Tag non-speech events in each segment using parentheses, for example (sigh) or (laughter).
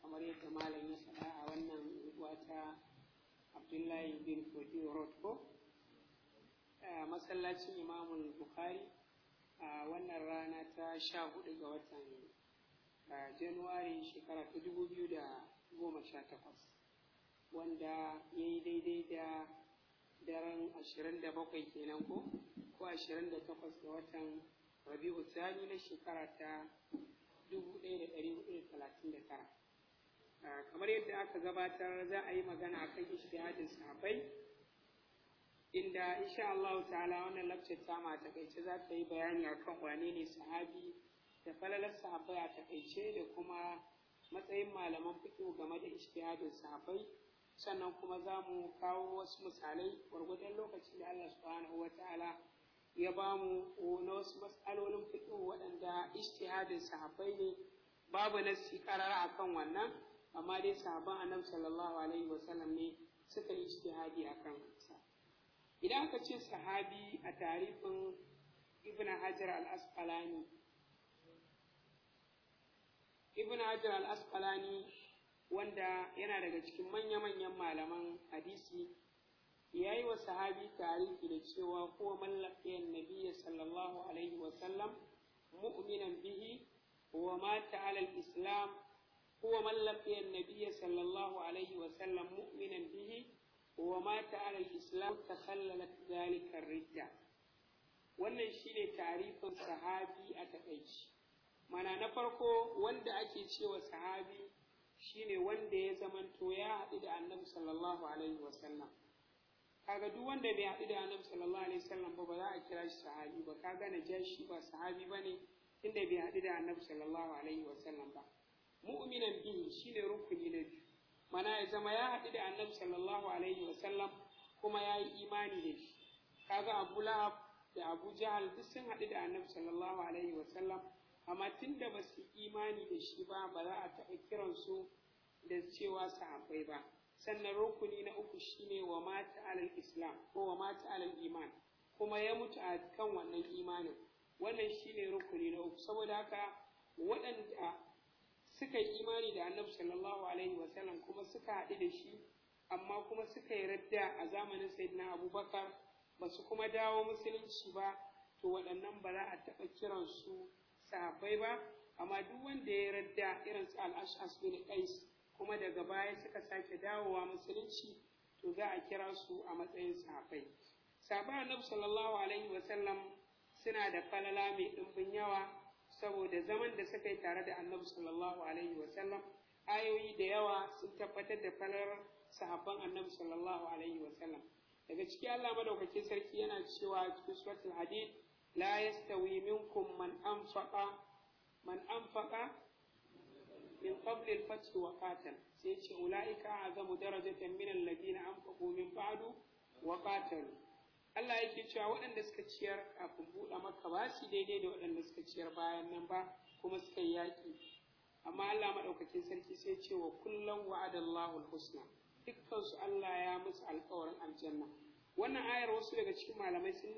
kamar yadda malam ya faɗa a wannan unguwa ta abdullahi bin kogi road masallacin imamul bukhari a wannan rana ta sha hudu ga watan januwari shekara ta dubu biyu da goma sha takwas wanda ya yi daidai da daren ashirin da bakwai kenan ko ko ashirin da takwas ga watan rabi'u sani na shekara ta dubu ɗaya da ɗari hudu da talatin da tara kamar yadda aka gabatar za a yi magana a kan ishtihadin sahabbai inda insha Allah ta'ala wannan lakcin tama a takaice za ta yi bayani akan wane ne sahabi da falalar safai a takaice da kuma matsayin malaman fiƙo game da ishtihadin safai sannan kuma za mu kawo wasu misalai gwargwadon lokacin da Allah subhanahu wa ta'ala ya ba mu na wasu matsalolin fiƙo waɗanda ishtihadin safai ne babu nasi karara akan wannan amma dai sahabban annabi sallallahu alaihi wasallam ne suka yi ijtihadi akan sa idan aka ce sahabi a tarihin ibn hajar al-asqalani ibn hajar al-asqalani wanda yana daga cikin manya-manyan malaman hadisi ya yi wa sahabi tarihi da cewa kuwa mallakiyan nabiya sallallahu alaihi wasallam mu'minan bihi wa mata alal islam هو من لقي النبي صلى الله عليه وسلم مؤمنا به ومات على الإسلام تخللت ذلك الردة wannan shi ne tarifin sahabi a takaici mana na farko wanda ake cewa sahabi shine wanda ya zamanto ya haɗu da annabi sallallahu alaihi wasallam kaga duk wanda bai haɗu da annabi sallallahu alaihi wasallam ba ba za a kira shi sahabi ba kaga na jashi ba sahabi bane inda bai haɗu da annabi sallallahu alaihi wasallam ba mu'minan bihi shine rukuni na biyu mana ya zama ya haɗu da annabi sallallahu alaihi wa sallam, kuma ya yi imani da shi kaga abu lahab da abu jahal duk sun haɗu da annabi sallallahu alaihi wa sallam, amma tun da ba su imani da shi ba ba za a taɓa kiransu da cewa sahabbai ba sannan rukuni na uku shine wa mata alal islam ko wa mata alal iman kuma ya mutu a kan wannan imanin wannan shine rukuni na uku saboda haka waɗanda suka yi imani da annabi sallallahu alaihi wa sallam kuma suka haɗu da shi amma kuma suka yi radda a zamanin sayyidina abubakar ba su kuma dawo musulunci ba to waɗannan ba za a taɓa kiransu sahabbai ba amma duk wanda ya radda irin su al'ashas bin qais kuma daga baya suka sake dawowa musulunci to za a kira su a matsayin sahabbai sahabbai annabi sallallahu alaihi wa sallam suna da falala mai ɗimbin yawa saboda zaman da suka yi tare da annabi sallallahu alaihi wasallam ayoyi da yawa sun tabbatar da falar sahabban annabi sallallahu alaihi wasallam daga ciki Allah madaukakin sarki yana cewa cikin suratul hadid la yastawi minkum man anfaqa man anfaqa min qabl al-fath wa qatal sai ce ulaika azamu darajatan min alladhina anfaqu min ba'du wa qatalu Allah yake cewa waɗanda suka ciyar kafin buɗe maka ba su daidai da waɗanda suka ciyar bayan nan ba kuma suka yi yaƙi amma Allah maɗaukakin sarki sai ce wa kullum wa'adallahu alhusna dukkansu Allah ya musu alƙawarin aljanna wannan ayar wasu daga cikin malamai sun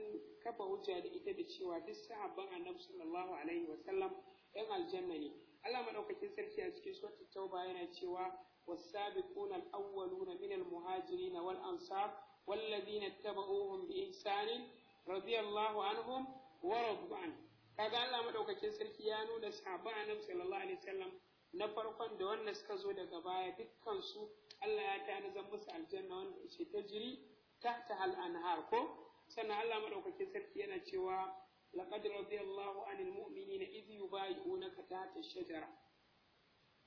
kafa hujja da ita da cewa duk sahabban annabi sallallahu alaihi wa sallam ɗan aljanna ne Allah maɗaukakin sarki a cikin suratul tauba yana cewa was-sabiquna al-awwaluna minal muhajirin wal ansar والذين اتبعوهم بإحسان رضي الله عنهم ورضوا عنه kaga Allah madaukakin sarki ya nuna sahabba annabi sallallahu alaihi wasallam na farkon da wanda suka zo daga baya dukkan su Allah ya tana zan musu aljanna wanda ce ta jiri tahta hal anhar ko sannan Allah madaukakin sarki yana cewa laqad radiyallahu anil mu'minina idh yubayyi'unaka tahta shajara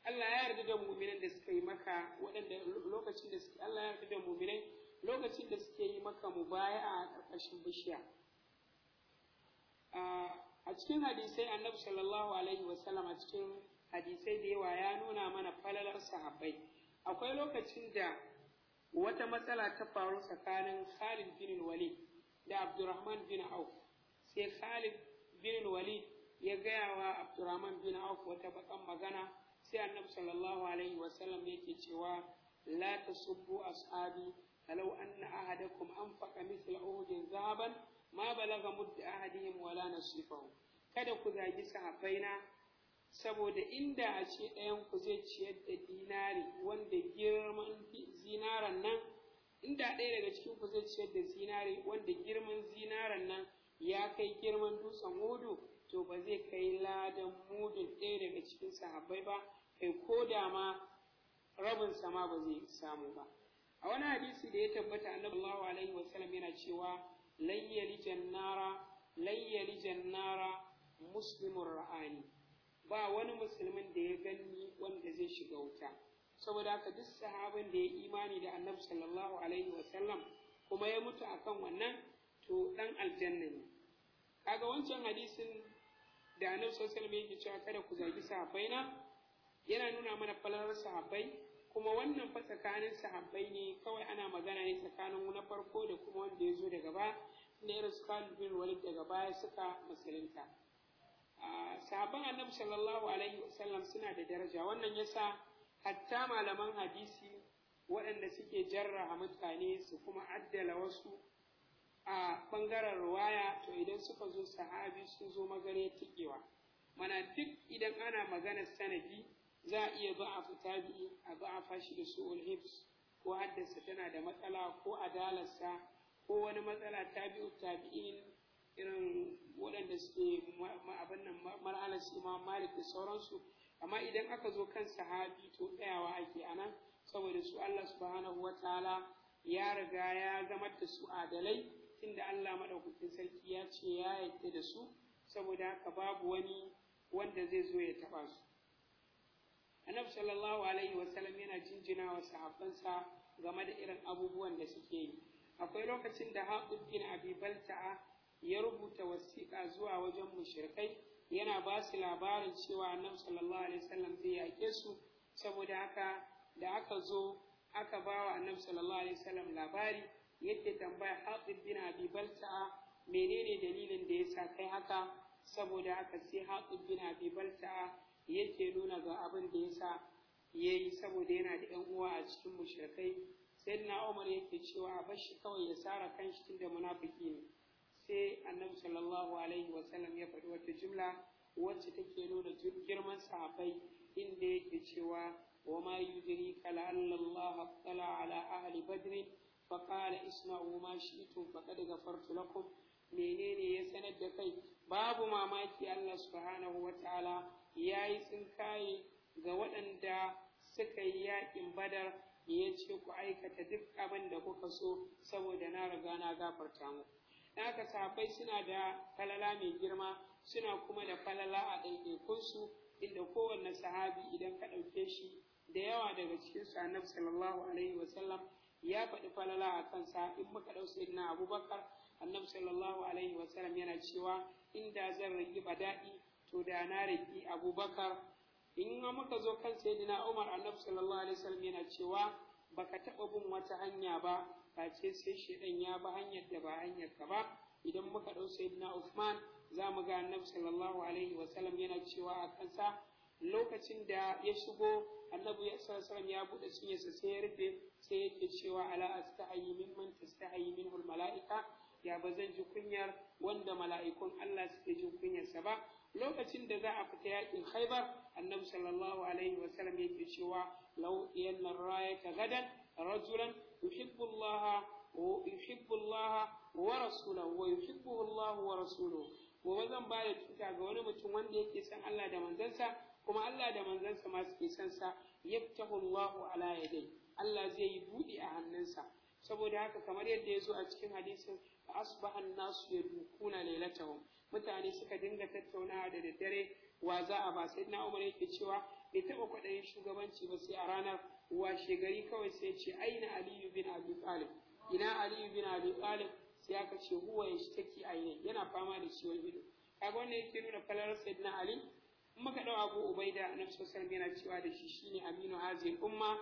Allah ya yarda da mu'minan da suka yi maka waɗanda lokacin da suke Allah ya yarda da mu'minai lokacin da suke yi maka baya a ƙarƙashin bishiya a cikin hadisai annabi sallallahu alaihi wasallam a cikin hadisai da yawa ya nuna mana falalar sahabbai akwai lokacin da wata matsala ta faru tsakanin Khalid bin Walid da Abdurrahman bin Auf sai Khalid bin Walid ya gaya wa Abdurrahman bin Auf wata bakan magana sai Annabi sallallahu alaihi wasallam yake cewa la tasubbu ashabi فلو أن أحدكم أنفق مثل أهد ذهبا ما بلغ مد أحدهم ولا نصيفه kada ku zagi sahabbaina saboda inda a ce ɗayan zai ciyar da dinari wanda girman zinaran nan inda ɗaya daga cikin ku zai ciyar da zinari wanda girman zinaran nan ya kai girman dutsen hudu, to ba zai kai ladan mudun ɗaya daga cikin sahabbai ba kai ko da ma rabinsa ma ba zai samu ba a wani hadisi da ya tabbata annabi sallallahu alaihi wasallam yana cewa lan Jannara nara ra'ani ba wani musulmin da ya ganni wanda zai shiga wuta saboda haka duk sahabin da ya imani da annabi sallallahu alaihi wasallam kuma ya mutu akan wannan to dan aljanna ne kaga wancan hadisin da annabi sallallahu alaihi wasallam yake cewa kada ku zagi na yana nuna mana falalar sahabbai kuma wannan fa tsakanin sahabbai ne kawai ana magana ne tsakanin na farko da kuma wanda ya zo daga gaba inda irin su Khalid bin Walid daga baya suka musulunta sahabban annabi sallallahu alaihi wasallam suna da daraja wannan yasa hatta malaman hadisi waɗanda suke jarraha mutane su kuma addala wasu a ɓangaren ruwaya to idan suka zo sahabi sun zo magana tikewa mana duk idan ana magana sanadi za a iya ba'afa tabi'i a ba'afa shi da su'ul hibs ko haddasa tana da matsala ko adalarsa ko wani matsala tabi'u tabi'in irin waɗanda suke abin nan mar'alar su imam malik da sauransu amma idan aka zo kan sahabi to tsayawa ake a nan, saboda su Allah subhanahu wa ta'ala ya riga ya zama da su adalai tunda Allah madaukakin sarki ya ce ya yadda da su saboda haka babu wani wanda zai zo ya taɓa su annabi sallallahu alaihi wasallam yana jinjina wa sahabbansa game da irin abubuwan da suke yi akwai lokacin da haƙub bin abi balta'a ya rubuta wasiƙa zuwa wajen mushrikai yana ba su labarin cewa annabi sallallahu alaihi wasallam zai yaƙe su saboda haka da aka zo aka ba wa annabi sallallahu alaihi wasallam labari yake tambaya haƙub bin abi balta'a menene dalilin da ya sa kai haka saboda haka sai haƙub bin abi balta'a yake nuna ga abin da ya sa ya yi saboda yana da ‘yan uwa a cikin mushrikai sai na umar yake cewa a bar kawai ya sara kan shi da munafiki ne sai annabi sallallahu alaihi wasallam ya faɗi wata jumla wacce take nuna girman sahabbai inda yake cewa wa ma yudrika la allallaha tala ala ahli badr fa qala isma'u ma shi'tum faqad ghafartu lakum menene ya sanar da kai babu mamaki Allah subhanahu wataala ya yi tsinkaye ga waɗanda suka yi yaƙin badar ya ce ku aikata duk abin da kuka so saboda na riga na gafarta mu haka sahabbai suna da falala mai girma suna kuma da falala a ɗaiɗaikunsu inda kowanne sahabi idan ka ɗauke shi da yawa daga cikinsu annabi sallallahu alaihi wasallam ya faɗi falala a kansa in muka ɗau sayyidina abubakar annabi sallallahu alaihi wasallam yana cewa inda zan ragi bada'i to da na ragi abubakar in muka zo kan sayyidina umar annabi sallallahu alaihi wasallam yana cewa baka taba bin wata hanya ba face sai shaidan ya ba hanyar da ba hanyar ka ba idan muka dau sayyidina usman za mu ga annabi sallallahu alaihi wasallam yana cewa a kansa lokacin da ya shigo annabi ya sallallahu ya bude cinyarsa sai ya rufe sai yake cewa ala astahi mimman tastahi minhu mala'ika gaskiya ba zan ji kunyar wanda mala'ikun Allah suke jin kunyarsa ba lokacin da za a fita yakin Khaibar annabi sallallahu alaihi wa sallam yake cewa law yanna rayaka gadan rajulan yuhibbu Allah wa yuhibbu Allah wa rasulahu wa yuhibbuhu Allah wa rasuluhu gobe zan ba da tuta ga wani mutum wanda yake san Allah da manzansa kuma Allah da manzansa ma suke san sa yaftahu Allah ala yadai Allah zai yi buɗi a hannunsa saboda haka kamar yadda ya zo a cikin hadisin asbahan nasu ya dukuna lailatahum mutane suka dinga tattaunawa da daddare wa za a ba sai na umar yake cewa bai taɓa kwaɗayin shugabanci ba sai a ranar washe shegari kawai sai ce aina aliyu bin abi talib ina aliyu bin abi talib sai aka ce huwa ya shi take aina yana fama da ciwon ido kaga wannan yake nuna falar sayyidina ali in muka ɗau abu ubaida na sosai yana cewa da shi shine aminu hazin umma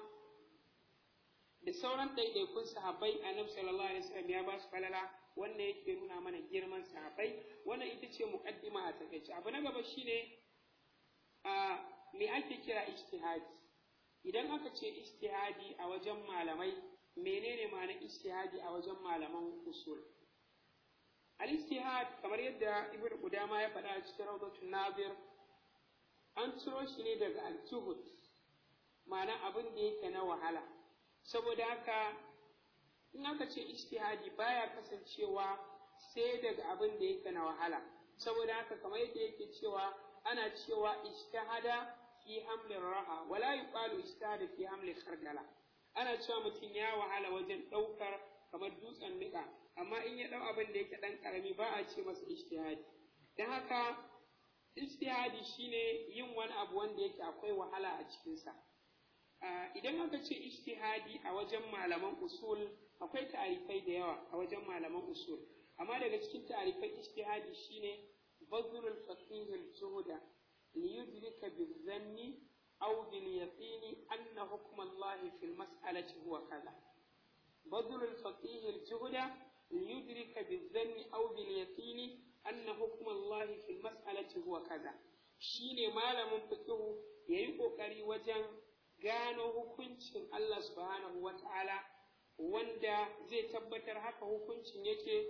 da sauran ɗaiɗaikun sahabbai annabi sallallahu alaihi wasallam ya ba su falala wannan yake nuna mana girman sahabbai wannan ita ce muqaddima a takaice abu na gaba shine a me ake kira ijtihadi idan aka ce ijtihadi a wajen malamai menene ma'anar ijtihadi a wajen malaman usul al-ijtihad kamar yadda ibn qudama ya faɗa a cikin rawdatul nadir an ciro shi ne daga al-zuhud ma'ana abin da yake na wahala saboda haka in aka ce ijtihadi baya kasancewa sai daga abin da yake na wahala saboda haka kamar yadda yake cewa ana cewa ijtihada fi hamlin raha wala yuqalu ijtihada fi hamlin khardala ana cewa mutum ya wahala wajen ɗaukar kamar dutsen niƙa amma in ya ɗau abin da yake ɗan karami ba a ce masa ijtihadi dan haka ijtihadi shine yin wani abu wanda yake akwai wahala a cikinsa idan aka ce ijtihadi a wajen malaman usul akwai ta'arifai da yawa a wajen malaman usul amma daga cikin ta'arifan ijtihadi shine bazrul al zuhuda li yudrika bizanni aw bil yaqini anna hukm Allah fil mas'alati huwa kaza bazrul al zuhuda li yudrika bizanni aw bil yaqini anna hukm Allah fil mas'alati huwa kaza shine malamin fiqh yayi kokari wajen gano hukuncin Allah subhanahu wa ta'ala wanda zai tabbatar haka hukuncin yake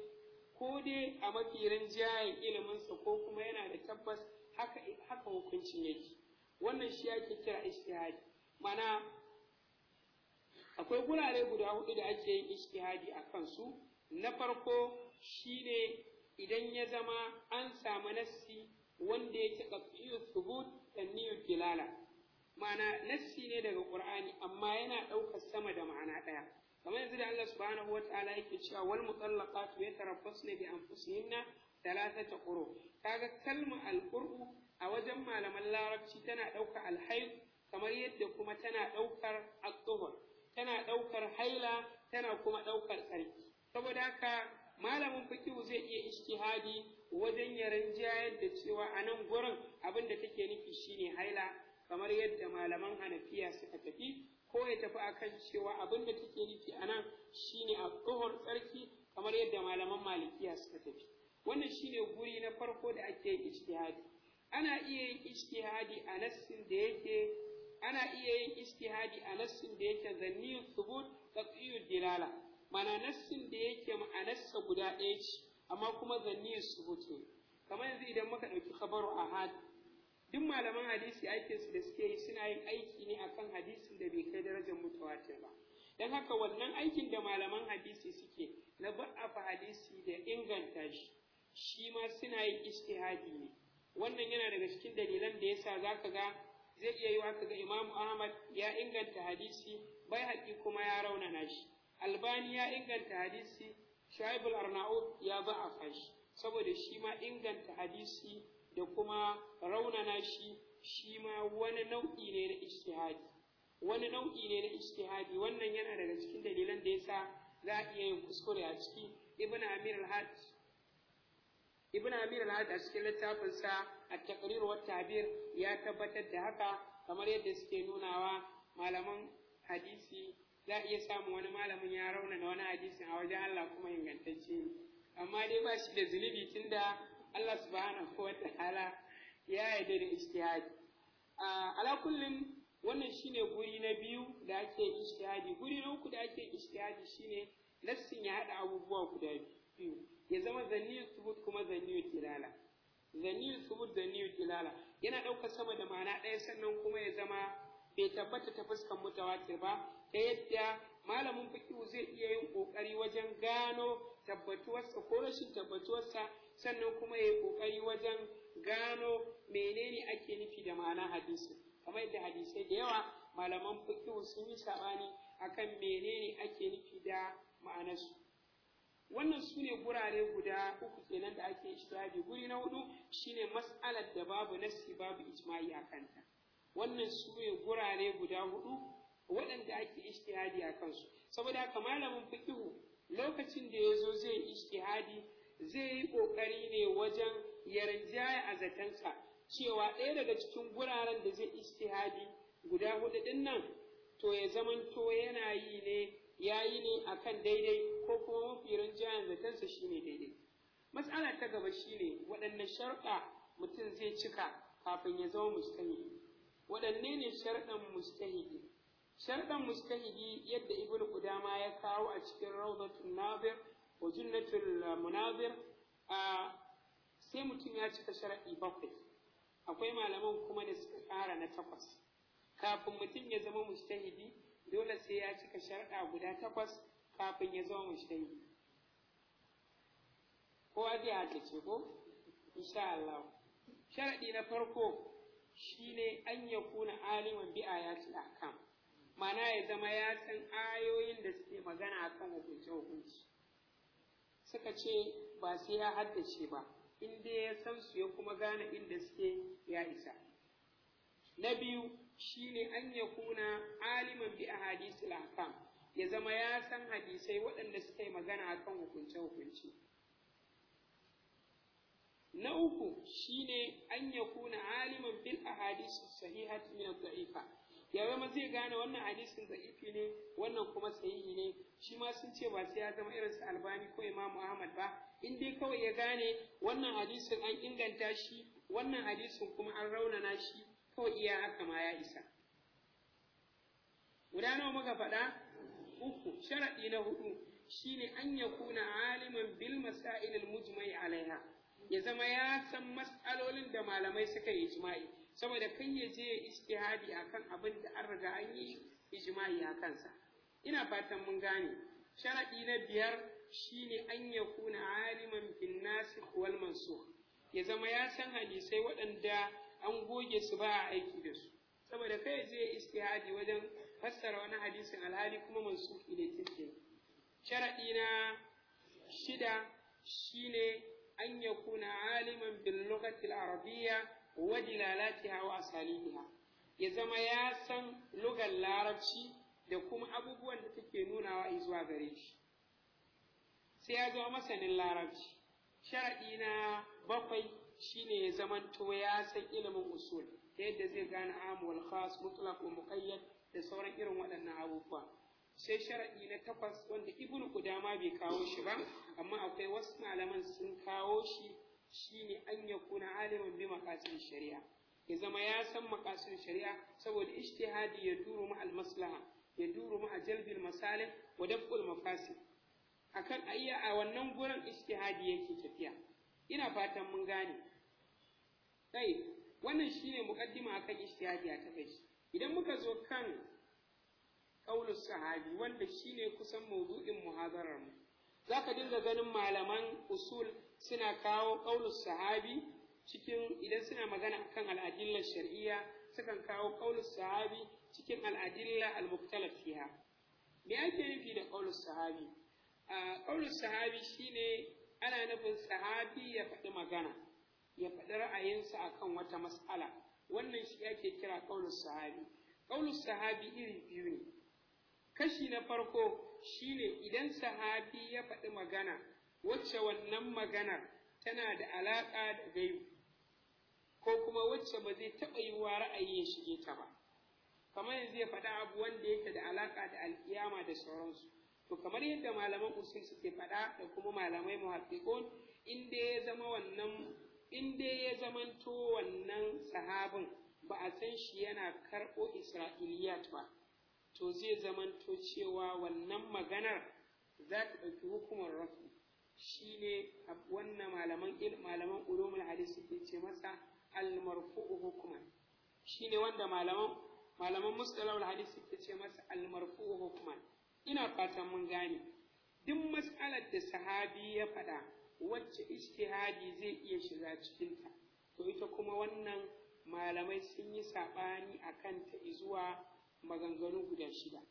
ko dai a mafi rinjayen iliminsa ko kuma yana da tabbas haka, haka hukuncin yake wannan shi ake kira ishtihadi mana akwai gurare guda hudu da ake yin ishtihadi a kansu na farko shine idan ya zama an samu nassi wanda yake qat'iyyu subut da niyyar dilala ma'ana nassi ne daga qur'ani amma yana ɗaukar sama da ma'ana ɗaya kamar yanzu da Allah subhanahu wa ta'ala yake cewa wal mutallaqatu yatarabbasna bi anfusihinna thalathata quru kaga kalma al quru a wajen malaman larabci tana ɗaukar al hayd kamar yadda kuma tana ɗaukar al tana ɗaukar haila tana kuma ɗaukar tsarki saboda haka malamin fikihu zai iya ishtihadi wajen ya rinjayar da cewa a nan gurin abin da take nufi shine haila kamar yadda malaman hanafiya suka tafi ko ya tafi akan cewa abin da take nufi a nan shi ne a tsarki kamar yadda malaman malikiya suka tafi wannan shi ne guri na farko da ake yin ijtihadi ana iya yin ijtihadi a nassin da yake ana iya yin ijtihadi a nassin da yake zanniyu thubut qat'iyu dilala mana nassin da yake ma'anarsa guda ɗaya ce amma kuma zanni thubut ne kamar yanzu idan muka ɗauki khabaru ahad duk malaman hadisi aikinsu da suke yi suna yin aiki ne akan hadisin da bai kai darajar mutawatir ba don haka wannan aikin da malaman hadisi suke na ba'afa hadisi da inganta shi shi ma suna yin istihadi ne wannan yana daga cikin dalilan da yasa ka ga zai iya yiwa ka ga imamu Ahmad ya inganta hadisi bai haƙi kuma ya raunana shi Albani ya inganta hadisi Shaibul Arnaud ya ba'afa shi saboda shi ma inganta hadisi da kuma raunana shi shi ma wani nau'i ne na ijtihadi wani nau'i ne na ijtihadi wannan yana daga cikin dalilan da yasa za a iya yin kuskure a ciki ibn amir al ibn amir al a cikin littafin sa at-taqrir wa tabir ya tabbatar da haka kamar yadda suke nunawa malaman hadisi za a iya samun wani malamin ya rauna raunana wani hadisi. a wajen Allah kuma ingantacce amma dai ba shi da zunubi tunda Allah subhanahu wa ta'ala ya yarda da ijtihadi ala kullin wannan shine guri na biyu da ake ijtihadi guri na uku da ake ijtihadi shine nassin ya haɗa abubuwa guda biyu ya zama zanniyu subut kuma zanniyu tilala zanniyu subut zanniyu tilala yana ɗaukar sama da ma'ana ɗaya sannan kuma ya zama bai tabbata ta fuskan mutawatir ba ta yadda malamin fiqh zai iya yin kokari wajen gano tabbatuwarsa ko rashin tabbatuwarsa sannan kuma ya yi ƙoƙari wajen gano menene ake nufi da ma'ana hadisi kamar yadda hadisai da yawa malaman fiqh sun yi saɓani akan menene ake nufi da ma'anarsu wannan su ne gurare guda uku kenan da ake ishtihadi guri na hudu shine mas'alar da babu nassi babu ijma'i a kanta wannan su ne gurare guda hudu waɗanda ake ishtihadi a kansu saboda haka malamin fiqh lokacin da ya zo zai ishtihadi zai yi ƙoƙari ne wajen jaye a zatansa cewa ɗaya daga cikin guraren da zai istihadi guda hudu ɗin nan to ya zamanto yana yi ne ya yi ne a kan daidai ko kuma mafi rinjayen zatansa shi ne daidai matsala ta gaba shi ne waɗanne sharɗa mutum zai cika kafin ya zama mustahidi waɗanne ne sharɗan mustahidi sharɗan mustahidi yadda ibn qudama ya kawo a cikin rawdatul nabir wa junnatul munazir a sai mutum ya cika sharaɗi bakwai akwai malaman kuma da suka ƙara na takwas kafin mutum ya zama mujtahidi dole sai ya cika sharaɗa guda takwas kafin ya zama mujtahidi kowa zai haka ce ko insha Allah sharaɗi na farko shine an ya kuna aliman bi ayatul ahkam ma'ana ya zama ya san ayoyin da suke magana akan hukunci hukunci suka ce ba su ya haddace ba inda ya san su ya kuma gane inda suke ya isa na biyu shine an ya kuna aliman bi ahadisil ahkam ya zama ya san hadisai waɗanda suka yi magana akan hukunce hukunce na uku shine an ya kuna aliman bil ahadis sahihat min daifa ya zama zai gane wannan hadisin ifi ne wannan kuma sahihi ne shi ma sun ce ba sai ya zama irin su albani ko imam ahmad ba in dai kawai ya gane wannan hadisin an inganta shi wannan hadisin kuma an raunana shi kawai iya haka ma ya isa guda nawa muka faɗa uku sharaɗi na hudu shine an yakuna aliman bil masail mujma'i alaiha ya zama ya san mas'alolin da malamai suka yi ijma'i saboda kai ya je ya ijtihadi akan abin da an riga an yi ijma'i a kansa ina fatan mun gane Sharaɗi na biyar shine an kuna aliman bin nasi wal mansukh ya zama ya san hadisai waɗanda an goge su ba a aiki da su saboda kai ya je ya ijtihadi wajen fassara wani hadisin alhali kuma mansukh ne tilke sharadi na shida shine an kuna aliman bil lughati al arabiyya wa dilalatiha wa asalihiha ya zama ya san lugar larabci da kuma abubuwan da take nunawa zuwa gare shi sai ya zama masanin larabci sharaɗi na bakwai shine ya zamanto ya san ilimin usul ta yadda zai gane amu khas mutlaq wa muqayyad da sauran irin waɗannan abubuwa sai sharaɗi na takwas wanda ibnu kudama bai kawo shi ba amma akwai wasu malaman sun kawo shi ne an kuna aliman bi makasin shari'a ya zama ya san makasin shari'a saboda ijtihadi ya duru ma al maslaha ya duru ma jalbil masalih wa daf'ul mafasid akan ayya a wannan gurin ijtihadi yake tafiya ina fatan mun gane kai wannan shine muqaddima akan ijtihadi a takaici. idan muka zo kan qaulus sahabi wanda shine kusan mawdu'in muhadarar mu zaka dinga ganin malaman usul suna kawo ƙaunar sahabi cikin idan suna magana akan al'adillar shari'a, sukan kawo ƙaunar sahabi cikin al'adillar al-muktalaf me ake nufi da ƙaunar sahabi Ƙaunar sahabi shine ana nufin sahabi ya faɗi magana ya faɗi ra'ayinsa akan wata matsala. wannan shi ake kira ƙaunar sahabi Ƙaunar sahabi iri biyu ne kashi na farko shine idan sahabi ya faɗi magana wacce wannan maganar tana da alaƙa da gayu ko kuma wacce ba zai taɓa yi wa ra'ayi ya shige ta ba kamar yanzu ya faɗa abu wanda yake da alaƙa da alƙiyama da sauransu to kamar yadda malaman usul suke faɗa da kuma malamai muhaddiqun in dai ya zama wannan in dai ya zamanto wannan sahabin ba a san shi yana karɓo isra'iliyat ba to zai zamanto cewa wannan maganar za ta ɗauki hukumar rafi shine wannan malaman malaman ulumul hadis suke ce masa al-marfu'u hukman shine wanda malaman malaman mustalahul hadis suke ce masa al-marfu'u hukman ina fatan mun gane duk mas'alar da sahabi ya faɗa wacce ijtihadi zai iya shiga cikinta to ita kuma wannan malamai sun yi saɓani a kanta zuwa maganganu guda shida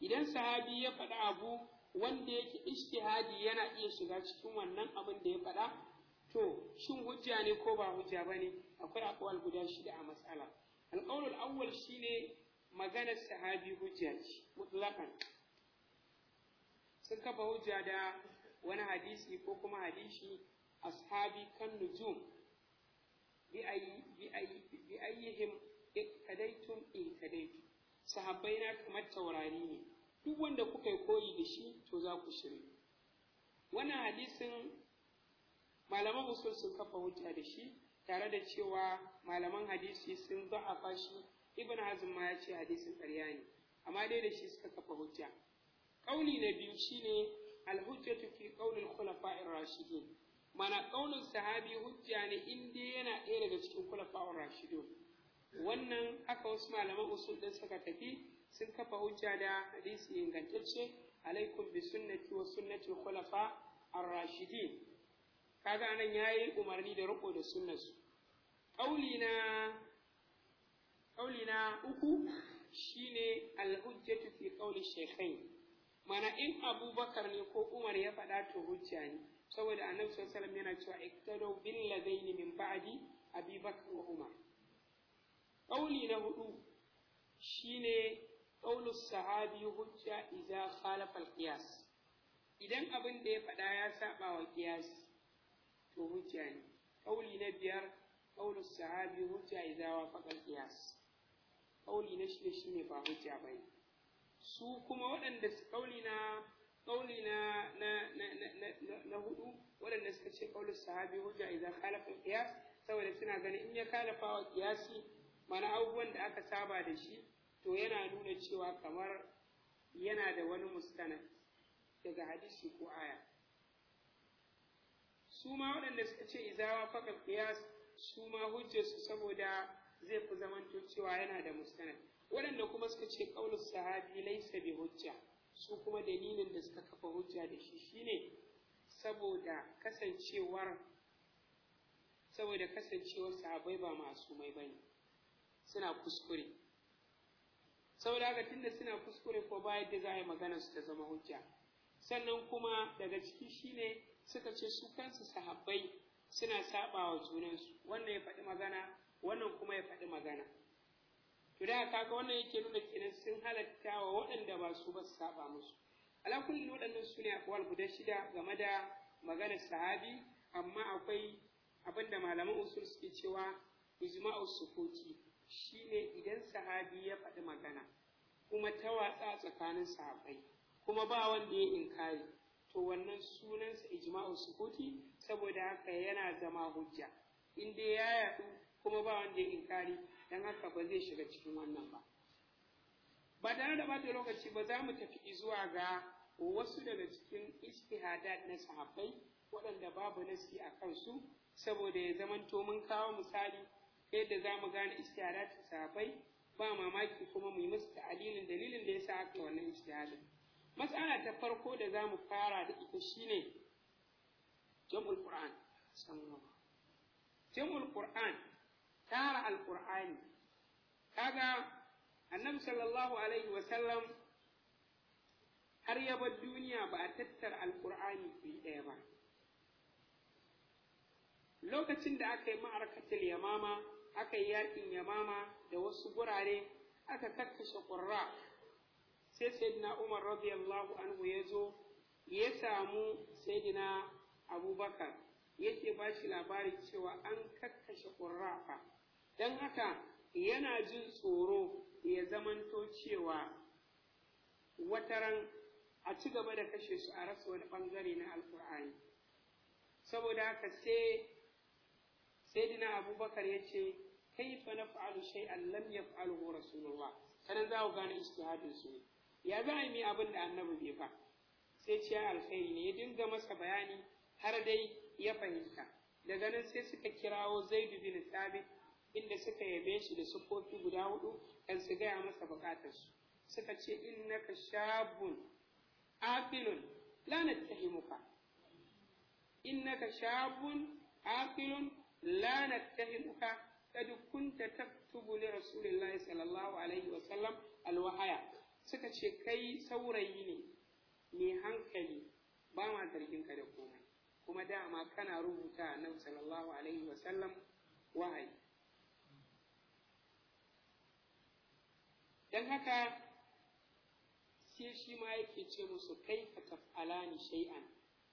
idan sahabi ya faɗa abu wanda yake ijtihadi yana iya shiga cikin wannan abin da ya faɗa to shin hujja ne ko ba hujja ba ne akwai akwal guda shida a matsala Alƙawar awwal shine maganar sahabi hujja ce mutlaqan sun kafa hujja da wani hadisi ko kuma hadisi ashabi kan nujum bi ayi bi ayyihim kadaitum in sahabbai na kamar taurari ne duk wanda kuka yi koyi da shi to za ku shirya wannan hadisin malaman usul sun kafa hujja da shi tare da cewa malaman hadisi sun za'afa shi ibn hazm ma ya ce hadisin ƙarya ne amma dai da shi suka kafa hujja ƙauli na biyu shine alhujjatu fi qaulil khulafa'ir rashidin mana ƙaunin sahabi hujja ne in dai yana ɗaya daga cikin khulafa'ur rashidin wannan haka wasu malaman usul din suka tafi sun kafa hujja da hadisi ingantacce alaikum bi sunnati wa sunnati al-khulafa ar-rashidin kaga anan yayi umarni da riko da sunnasu qaulina na uku shine al-hujjatu fi qawli shaykhain mana in abubakar ne ko umar ya faɗa to hujja ne saboda annabi sallallahu alaihi wasallam yana cewa iktado bil ladaini min ba'di abubakar wa umar kauli na hudu shine qaulus sahabi hujja idza khalafa al idan abin da ya faɗa ya saba wa qiyas to hujja ne qauli na biyar qaulus sahabi hujja idza wafaqa al-qiyas qauli na shida shine ba hujja bane su kuma waɗanda su qauli na qauli na na na hudu waɗanda suka ce qaulus sahabi hujja idza khalafa al saboda suna ganin in ya khalafa wa qiyasi mana abubuwan da aka saba da shi to yana nuna cewa kamar yana da wani mustanad daga hadisi ko aya su ma waɗanda suka ce izawa fakal qiyas su ma hujjarsu saboda zai fi zamanto cewa yana da mustanad waɗanda kuma suka ce ƙaunar sahabi laisa bi hujja su kuma dalilin da suka kafa hujja da shi shine saboda kasancewar saboda kasancewar sahabai ba masu mai bane suna kuskure saboda haka tunda suna kuskure ko ba yadda za a yi magana su ta zama hujja sannan kuma daga ciki shine suka ce su kansu sahabbai suna saba wa junansu wannan ya faɗi magana wannan kuma ya faɗi magana to da kaga wannan yake nuna kenan sun halatta wa waɗanda ba su ba su saba musu ala kulli waɗannan su ne akwal guda shida game da magana sahabi amma akwai abinda malaman usul suke cewa ijma'u sukuti shine idan sahabi ya faɗi magana kuma ta watsa tsakanin sahabbai kuma ba wanda ya inkari to wannan sunansa ijma'u sukuti saboda haka yana zama hujja in dai ya yaɗu kuma ba wanda ya inkari dan haka ba zai shiga cikin wannan ba ba tare da bata lokaci ba za mu tafi zuwa ga wasu daga cikin istihadat na sahabbai waɗanda babu nasi a kansu saboda ya zamanto mun kawo misali ta yadda za mu gane ta safai ba mamaki kuma mu yi musu ta'alilin dalilin da ya sa aka wannan istihadin matsala ta farko da za mu fara da ita shine jam'ul qur'an sallallahu jam'ul qur'an tara alqur'ani kaga annabi sallallahu alaihi wa sallam har ya bar duniya ba a tattara alqur'ani bai ɗaya ba lokacin da aka yi ma'arakatul yamama aka yi yakin yamama da wasu gurare aka kakkashe ƙurra sai saidina umar radiyallahu anhu ya zo ya samu saidina abubakar yake ba shi labari cewa an kakkashe ƙurra fa don haka yana jin tsoro ya zamanto cewa wataran a ci gaba da kashe su a rasa wani ɓangare na alkur'ani saboda haka sai sayyidina abubakar ya ce kai kaifa naf'alu shay'an lam yaf'alhu rasulullah sanan za ku gane ijtihadin su ya za a yi abin da annabi bai ba? sai ce alkhairi ne ya dinga masa bayani har dai ya fahimta daga nan sai suka kirawo zaidu bin thabit inda suka yabe shi da sukofi guda hudu kan su gaya masa bukatarsu suka ce innaka shabun aqilun la la nattahimuka kad kunta taktubu li rasulillahi sallallahu alaihi wa sallam alwahaya suka ce kai saurayi ne mai hankali ba ma zargin ka da komai kuma dama kana rubuta annabi sallallahu alaihi wa sallam wahayi Don haka sai shi ma yake ce musu kai ka taf'alani shay'an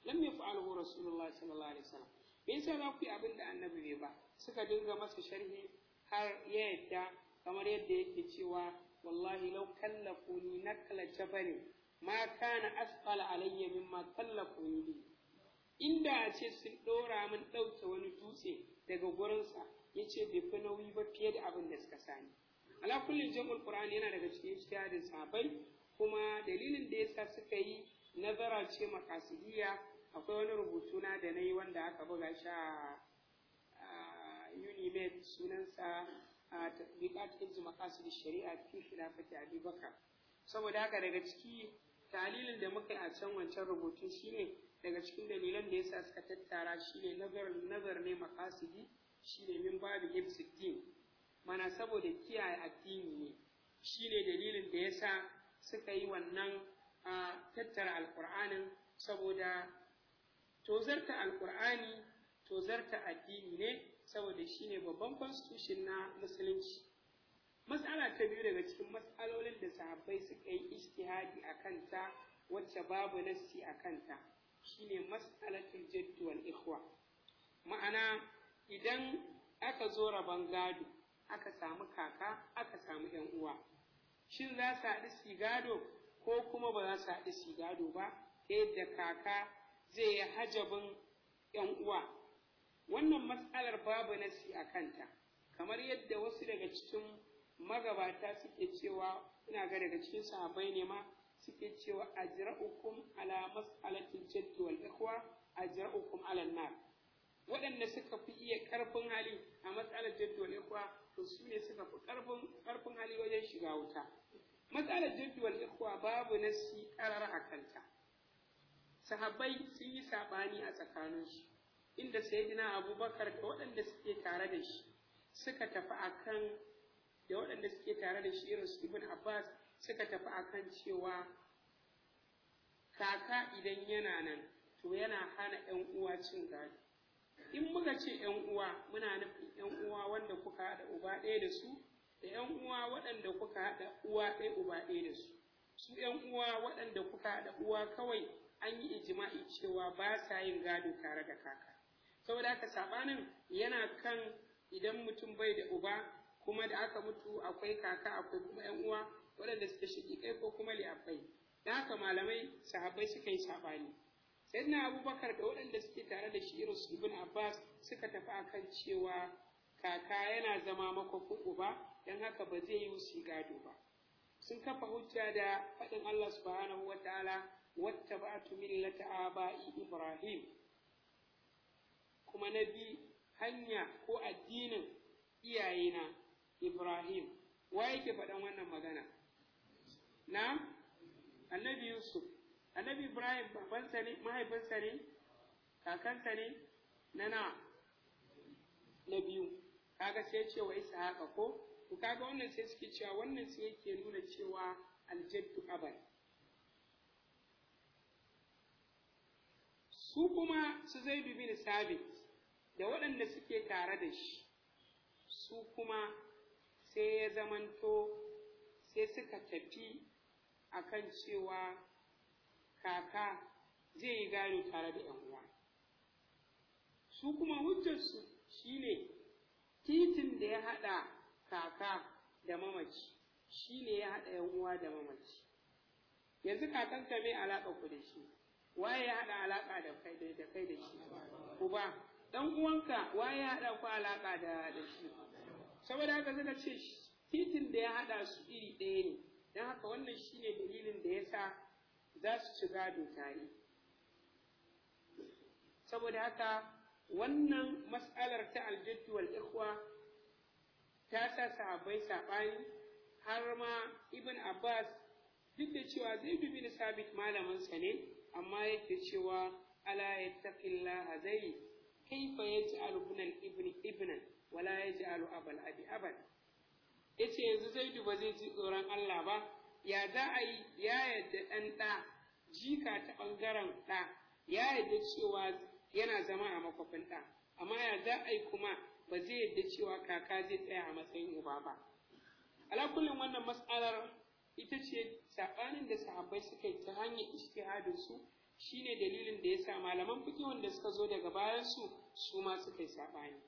lam yaf'alhu rasulullahi sallallahu alaihi wasallam me yasa ba ku yi abin da annabi ne ba suka dinga masa sharhi har ya yadda kamar yadda yake cewa wallahi law kallafuni nakala jabani ma kana asqala alayya mimma kallafuni bi inda a ce sun ɗora min ɗauke wani dutse daga gurinsa ya ce bai fi nauyi ba fiye da abin da suka sani ala kullum jam'ul qur'ani yana daga cikin ijtihadin sabai kuma dalilin da yasa suka yi nazara ce makasidiya akwai wani rubutu na da na yi wanda aka buga shi a unimed sunansa a tabiqat ibn maqasid shari'a fi khilafati abubakar saboda haka daga ciki dalilin da muka yi a can wancan rubutu shine daga cikin dalilan da yasa suka tattara shine nazar nazar ne maqasidi shine min babu ibsiddin mana saboda kiyaye addini ne shine dalilin da yasa suka yi wannan tattara alqur'anin saboda tozarta alkur'ani tozarta addini ne saboda shine babban constitution na musulunci Matsala ta biyu daga cikin matsalolin da sahabbai suka yi istihadi a kanta wacce babu nassi a kanta shine mas'alatul jaddi wal ikhwa ma'ana idan aka zo rabon gado aka samu kaka aka samu yan uwa shin za su haɗu su gado ko kuma ba za su haɗu su gado ba ta yadda kaka zai yi hajabin ‘yan uwa. Wannan matsalar babu nasi a kanta, kamar yadda wasu daga cikin magabata suke cewa, ina ga daga cikin sahabai ne ma suke cewa a jira ukun ala mas'alatil jaddi wal jira ukun ala nar waɗanda suka fi iya ƙarfin hali a matsalar jaddi wal ikhwa to su ne suka fi ƙarfin hali wajen shiga wuta matsalar jaddi wal ikhwa babu nasi ƙarar a kanta sahabbai sun yi saɓani a tsakaninsu inda sayyidina abubakar da waɗanda suke tare da shi suka tafi akan da waɗanda suke tare da shi irin su ibn abbas suka tafi akan cewa kaka idan yana nan to yana hana ‘yan uwa cin gari in muka ce ‘yan uwa muna nufin ‘yan uwa wanda kuka haɗa uba ɗaya da su da ‘yan uwa waɗanda kuka haɗa uwa ɗaya uba ɗaya da su su ‘yan uwa waɗanda kuka haɗa uwa kawai an yi ijma'i cewa ba sa yin gado tare da kaka saboda haka sabanin yana kan idan mutum bai da uba kuma da aka mutu akwai kaka akwai kuma yan uwa waɗanda suka shigi kai ko kuma liyafai da haka malamai sahabbai suka yi sabani sayyidina abubakar da waɗanda suke tare da shi irin su ibn abbas suka tafi akan cewa kaka yana zama makwafin uba dan haka ba zai yi su gado ba sun kafa hujja da faɗin allah subhanahu wa ta'ala واتبعت ملة آبائي إبراهيم كما نبي هنيا هو الدين إيائنا إبراهيم Na فدوانا مغانا نعم النبي يوسف النبي إبراهيم بنسني ما هي بنسني na ننا نبيو kaga sai ce wa isa haka ko to kaga wannan sai suke cewa wannan sai yake nuna cewa aljaddu abad su kuma su zai bin sabit da waɗanda suke tare da shi su kuma sai ya zamanto sai suka tafi a kan cewa kaka zai yi gano tare da 'yan uwa su kuma hujjarsu ne titin da ya haɗa kaka da mamaci shi ne ya haɗa 'yan uwa da mamaci yanzu kakanka mai alaƙa ku da shi waye ya haɗa alaƙa da kai da kai da shi uba dan uwanka waye ya haɗa ku alaƙa da da shi saboda haka suka ce titin da ya haɗa su iri ɗaya ne don haka wannan shine dalilin da yasa sa za su ci gado tare saboda haka wannan mas'alar ta aljaddu wal ikhwa ta sa sahabbai saɓani har ma ibn abbas duk da cewa zai bin sabit malamin sa ne amma yake cewa ala yattaqillaha dai fa ya ji ibni ibnan wala ya ji yaj'alu abal abi Ya ce yanzu zaidu ba zai ji tsoron Allah ba ya za a yi ya yadda ɗan ɗa jika ta ɓangaren ɗa ya yadda cewa yana zama a makwafin ɗa amma ya za a yi kuma ba zai yadda cewa kaka zai tsaya a matsayin uba ba alakullin wannan matsalar ita ce saɓanin da sahabbai suka yi ta hanyar ijtihadin su shine dalilin da yasa malaman fiqh wanda suka zo daga bayan su su ma suka yi saɓani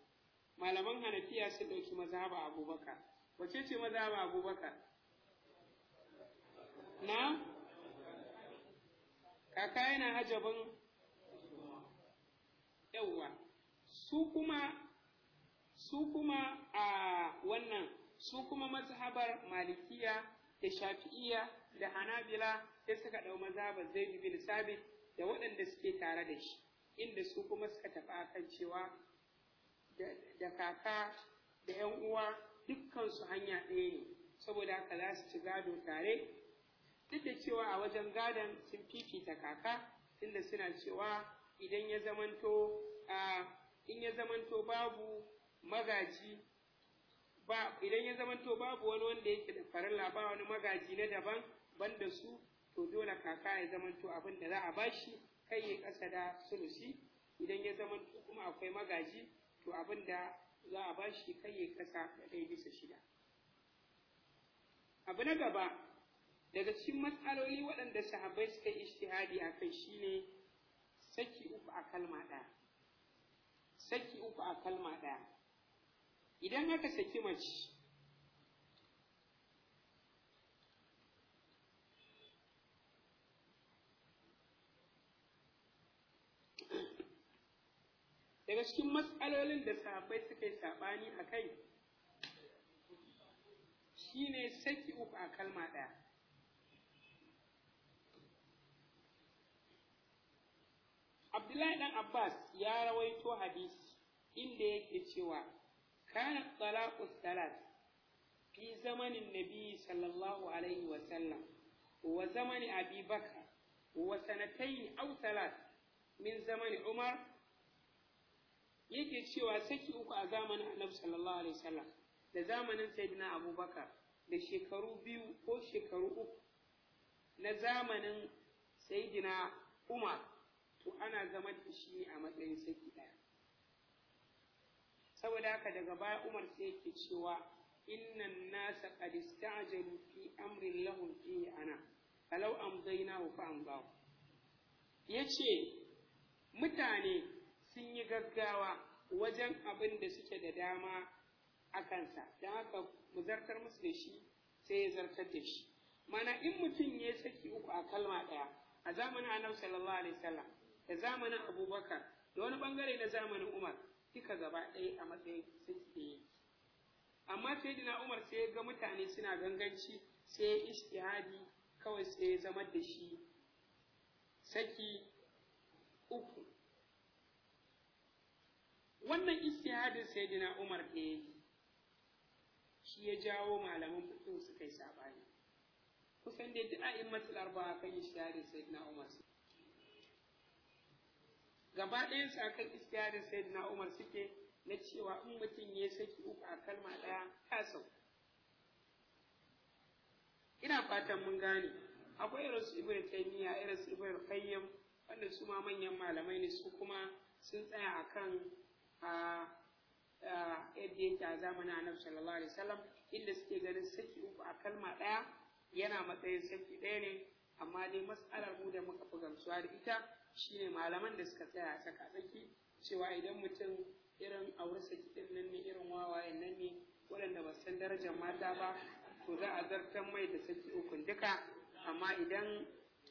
malaman hanafiya sun ɗauki mazhaba abubakar wace ce mazhaba abubakar na kaka yana hajabin yawwa su kuma su kuma a wannan su kuma mazhabar malikiya da shafi'iyya da hanabila sai suka ɗau mazhabar zaid bin sabit da waɗanda suke tare da shi inda su kuma suka tafi akan cewa da kaka da ‘yan uwa dukkansu hanya ɗaya ne saboda haka za su ci gado tare duk da cewa a wajen gadon sun fifita kaka inda suna cewa idan ya zamanto in ya zamanto babu magaji ba idan ya zamanto babu wani wanda yake da farilla ba wani magaji na daban banda su to dole kaka ya zamanto abin da za a bashi kai ya kasa da sulusi idan ya to kuma akwai magaji to abin da za a bashi kai ya kasa da ɗaya bisa shida abu na gaba daga cikin matsaloli waɗanda sahabbai suka yi ishtihadi a kai shine saki uku a kalma ɗaya saki uku a kalma ɗaya idan aka saki mace daga cikin matsalolin da safai suka yi saɓani a kai shi ne saki uku a kalma ɗaya Abdullahi ɗan Abbas ya rawaito hadisi inda yake cewa kana talaqu salat fi zamanin nabi sallallahu alaihi wa sallam wa zamani abi bakr wa sanatayn aw salat min zamani umar yake cewa saki uku a zamanin annabi sallallahu alaihi wa sallam da zamanin sayyidina abubakar da shekaru biyu ko shekaru uku na zamanin sayyidina umar to ana zama da shi a matsayin saki ɗaya saboda haka daga baya Umar sai yake cewa innan nasa qad ista'jalu fi amrin lahum fihi ana falau amdainahu fa Ya yace mutane sun yi gaggawa wajen abin da suke da dama a kansa don haka mu zartar musu da shi sai ya zartar da shi mana in mutum ya saki uku a kalma ɗaya a zamanin annabi sallallahu alaihi wasallam da zamanin abubakar da wani bangare na zamanin umar suka gaba ɗaya a matsayin sittin amma sayyidina umar sai ga mutane suna ganganci sai ya ishtihadi kawai sai ya zama da shi saki uku wannan istihadin sayyidina umar da ya yi shi ya jawo malaman fiqh suka yi sabani kusan dai a'in matsalar ba kan ishtihadin sayyidina umar sai. gaba ɗayan su akan sai na umar suke na cewa in mutum ya saki uku a kalma ɗaya ta sau ina fatan mun gane akwai irin su ibn taymiya irin su ibn qayyim wanda su ma manyan malamai ne su kuma sun tsaya akan a yadda yake a zamanin annabi sallallahu alaihi wasallam inda suke ganin saki uku a kalma ɗaya yana matsayin saki ɗaya ne amma dai matsalar mu da muka fi gamsuwa da ita shine malaman da suka tsaya saka tsaki cewa idan mutum irin aure saki din nan ne irin wawayen nan ne waɗanda ba san darajar mata ba to za a zartan mai da saki ukun duka amma idan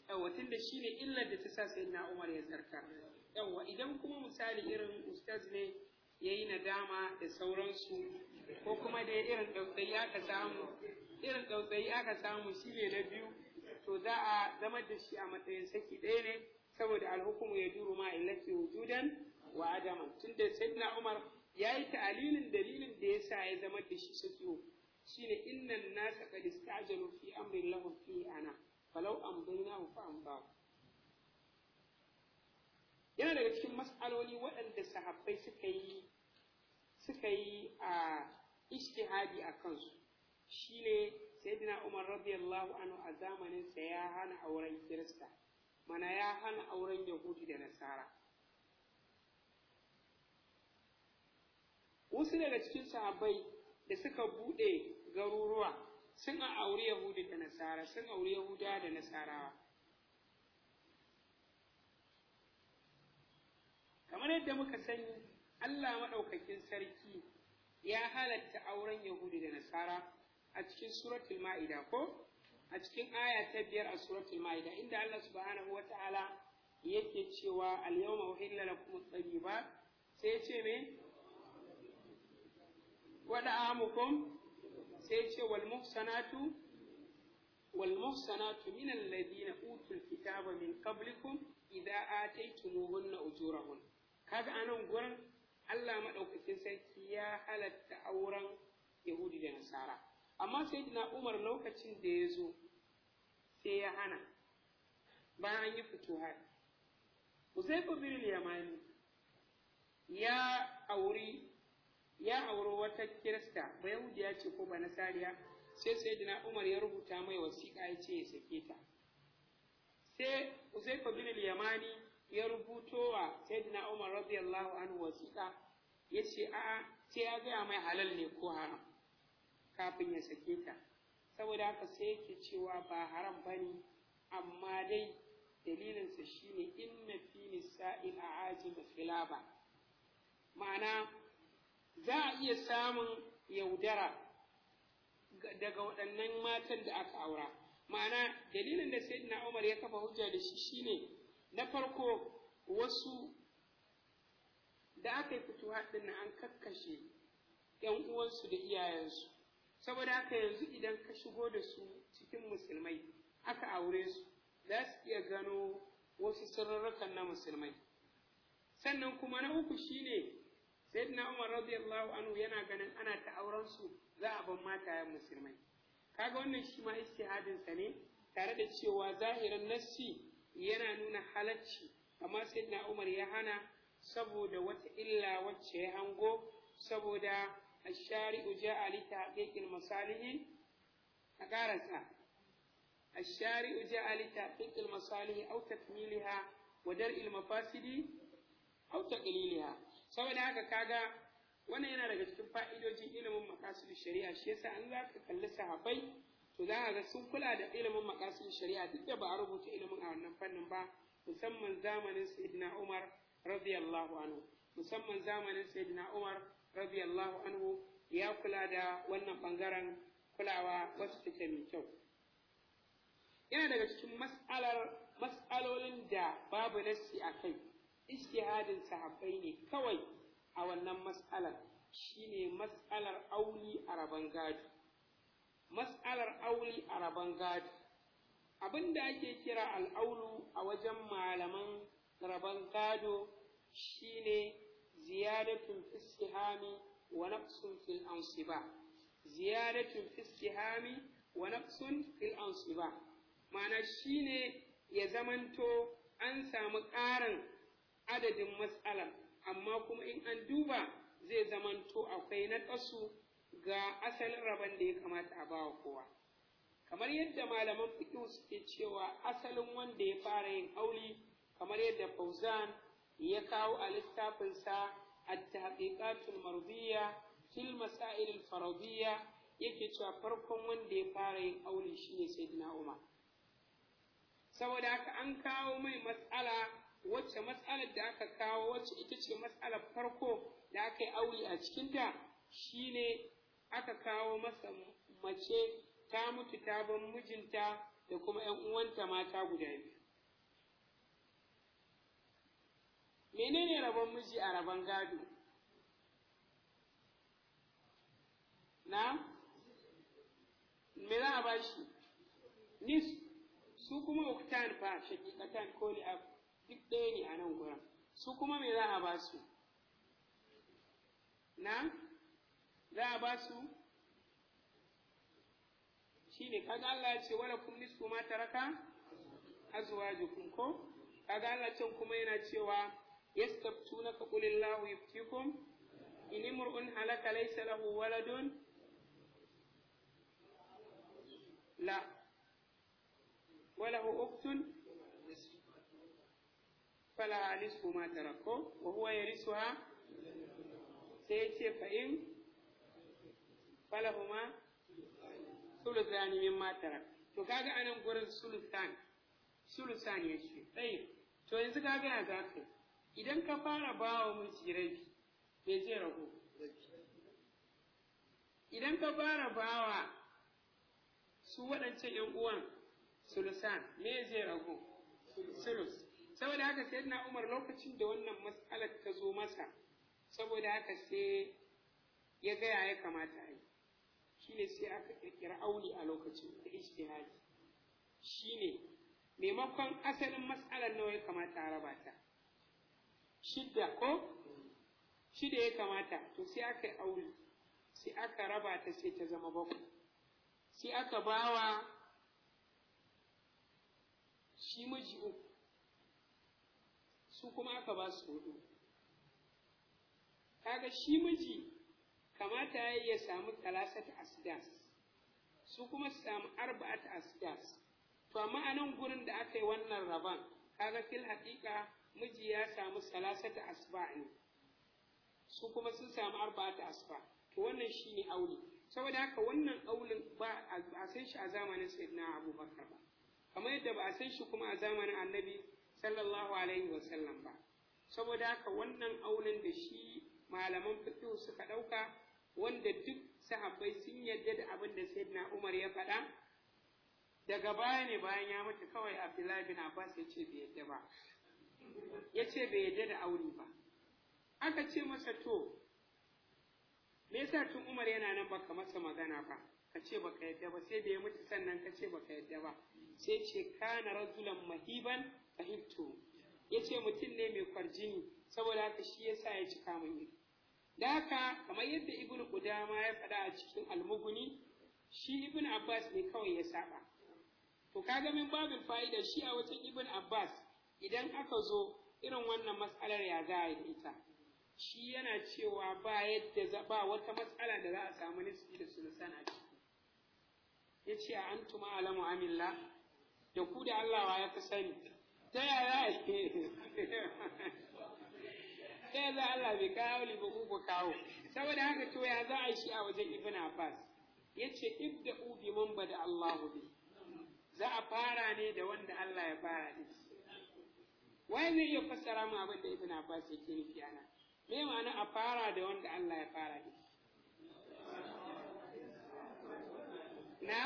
yawatin da shi ne illar da ta sa sai na umar ya zarta yawa idan kuma misali irin ustaz ne ya yi nadama da sauransu ko kuma dai irin ɗautsayi aka samu irin aka samu shi ne na biyu to za a zama da shi a matsayin saki ɗaya ne saboda alhukumu ya duru ma illati wujudan wa Adama. tunda sayyidina umar yayi ta'alilin dalilin da yasa ya zama da shi saki shine innan nasa qad istajalu fi amrin lahum fi ana falau amdaynahu fa amdahu yana daga cikin mas'aloli waɗanda sahabbai suka yi suka yi a ah, ishtihadi a kansu shine sayyidina umar radiyallahu anhu a zamanin sa ya hana auren kirista mana ya hana auren yahudi da nasara wasu daga cikin sahabbai da suka bude garuruwa sun a auri yahudi da nasara sun auri yahuda da nasarawa kamar yadda muka sani allah maɗaukakin sarki ya halatta auren yahudi da nasara a cikin suratul ma'ida ko a cikin aya ta biyar a suratul ma'ida inda Allah subhanahu ta'ala yake cewa al-yawma uhilla lakum at-tayyibat sai ce me wada amukum sai ce wal muhsanatu wal muhsanatu min alladhina utul kitaba min qablikum idza ataytumuhunna ujurahun kaga anan gurin Allah madaukakin sarki ya halatta auren Yahudi da Nasara amma sai dina umar lokacin da ya zo sai ya hana bayan an yi fituhat Uzaifu bin Yamani ya auri ya auri wata kirista ya ce ko ba banasariya sai sai dina Umar ya rubuta mai wasiƙa ya ce ya sake ta sai Uzaifu bin Yamani ya rubuto wa dina Umar radiyallahu anhu wasiƙa ya ce a'a sai ya gaya mai halal ne ko haram kafin ya sake ta saboda haka sai yake cewa ba haram ba ne amma dai dalilinsa shine inna fi nisa'il aji ba ma'ana za a iya samun yaudara daga waɗannan matan da aka aura ma'ana dalilin da sayyidina Umar ya kafa hujja da shi shine na farko wasu da aka yi fito haɗin an kakkashe ‘yan uwansu da iyayensu saboda haka yanzu idan ka shigo da su cikin musulmai aka aure su za su iya gano wasu sirrukan na musulmai sannan kuma na uku shine sayyidina Umar radiyallahu anhu yana ganin ana ta auren su za a ban matayen musulmai kaga wannan shi ma istihadin sa ne tare da cewa zahirin nassi yana nuna halacci amma sayyidina Umar ya hana saboda wata illa wacce ya hango saboda الشارع جاء لتحقيق المصالح أقارنها الشارع جاء لتحقيق المصالح أو تكميلها ودرء المفاسد أو تقليلها سواء هكا كاغا wannan yana daga cikin fa'idojin ilimin makasudin shari'a shi yasa an za ka kalli sahabbai to za a ga sun kula da ilimin makasudin shari'a duk da ba a rubuta ilimin a wannan fannin ba musamman zamanin sayyidina Umar radiyallahu anhu musamman zamanin sayyidina Umar radiyallahu anhu ya kula da wannan ɓangaren kulawa wasu take mai kyau yana daga cikin mas'alar mas'alolin da babu nassi a kai ijtihadin sahabbai ne kawai a wannan mas'alar shine mas'alar auli a rabon gado mas'alar auli a rabon gado abin da ake kira al'aulu a wajen malaman rabon gado shine ziyadatun fi hami wa nafsun fil ansiba ziyadatun fi hami wa nafsun fil ansiba ma'ana shine ya zamanto an samu ƙaran adadin matsalar amma kuma in an duba zai zamanto akwai na ƙasu ga asalin rabon da ya kamata a bawa kowa kamar yadda malaman fiƙi suke cewa asalin wanda ya fara yin aure kamar yadda fauzan ya kawo a littafinsa a tahqiqatul Marbiya fil masail farobiya yake cewa farkon wanda ya fara yin aure shine sayyidina Umar saboda haka an kawo mai matsala wacce matsalar da aka kawo wacce ita ce matsalar farko da aka yi aure a cikinta shine aka kawo masa mace ta mutu ta bar mijinta da kuma ‘yan uwanta mata guda biyu. menene rabon miji a rabon gado na me za a ba shi? nis su kuma oktan fa shakikatan ko ni a duk ɗaya ne a nan gurin su kuma me za a ba su na za a ba su Shi ne, kaga Allah ya ce wala kun nisfu ma taraka azwajukum ko kaga Allah can kuma yana cewa yastaftunaka qul illahu yuftikum in imru'un halaka laysa lahu waladun la wala uktun fala nisfu ma taraka wa huwa yarithuha sayyi fa in fala huma sulthani mimma tarak to kaga anan gurin sulthan sulthan yace tayi to yanzu kaga ya zaka idan ka fara ba wa miji rabi me zai rago idan ka fara ba wa su waɗancan ‘yan uwan sulusan me zai rago sulus saboda haka sai na umar lokacin da wannan matsalar ta zo masa saboda haka sai ya gaya ya kamata a yi shi ne sai aka ƙirƙira auni a lokacin da ishtihadi shi ne maimakon asalin matsalar nawa ya kamata a raba ta shidda ko shida ya kamata to sai aka yi aure sai aka raba ta sai ta zama bakwai sai aka bawa shi miji uku su kuma aka ba su hudu kaga shi miji kamata ya ya samu ta asidas su kuma su samu arba'at asidas to amma a gurin da aka yi wannan raban kaga fil haƙiƙa miji ya samu salasata asba ne su kuma sun samu arba'ata asba to wannan shine aure saboda haka wannan aulin ba a san shi a zamanin sayyidina abubakar ba kamar yadda ba a san shi kuma a zamanin annabi sallallahu alaihi wa sallam ba saboda haka wannan aulin da shi malaman fiqh suka dauka wanda duk sahabbai sun yarda da abin da sayyidina Umar ya faɗa daga baya ne bayan ya mutu kawai Abdullahi bin Abbas ya ce bai yarda ba ya ce bai yadda da aure ba aka ce masa to me yasa tun umar yana nan baka masa magana ba ka ce baka yadda ba sai da ya mutu sannan ka ce baka yadda ba sai ce kana rajulan mahiban fahimtu ya ce mutum ne mai kwarjini saboda haka shi yasa ya ci min yi. da haka kamar yadda ibnu qudama ya faɗa a cikin almuguni shi ibnu abbas ne kawai ya saba to kaga min babin fa'ida shi a wajen Ibn abbas idan aka zo irin wannan matsalar ya za a ita shi yana cewa ba yadda ba wata matsala da za a samu nisbi da sulusan a ciki ya ce a an tuma alamu amilla da ku da allawa ya fi sani ta yaya ta yaya Allah bai kawo ba ku kawo saboda haka to ya za a shi a wajen ibn Abbas ya ce ibda ubi man bada Allahu bi za a fara ne da wanda Allah ya fara da shi wai zai iya fassara mu abin da ibn abbas yake nufi ana me ma'ana a fara da wanda Allah ya fara da Na?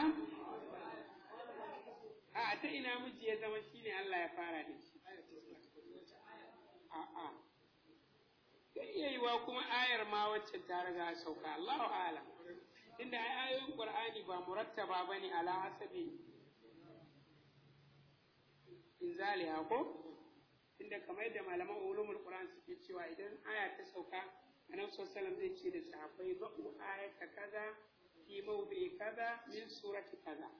a ta ina miji ya zama shine Allah ya fara da shi a'a zai iya wa kuma ayar ma wacce ta riga sauka Allahu Ala? inda ayoyin Qur'ani ba murattaba bane ala hasabi inzaliha ko inda kamar yadda malaman ulumul qur'an suke cewa idan aya ta sauka annabi sallallahu alaihi zai ce da sahabbai ba'u ayata kaza fi mawdi kaza min surati kaza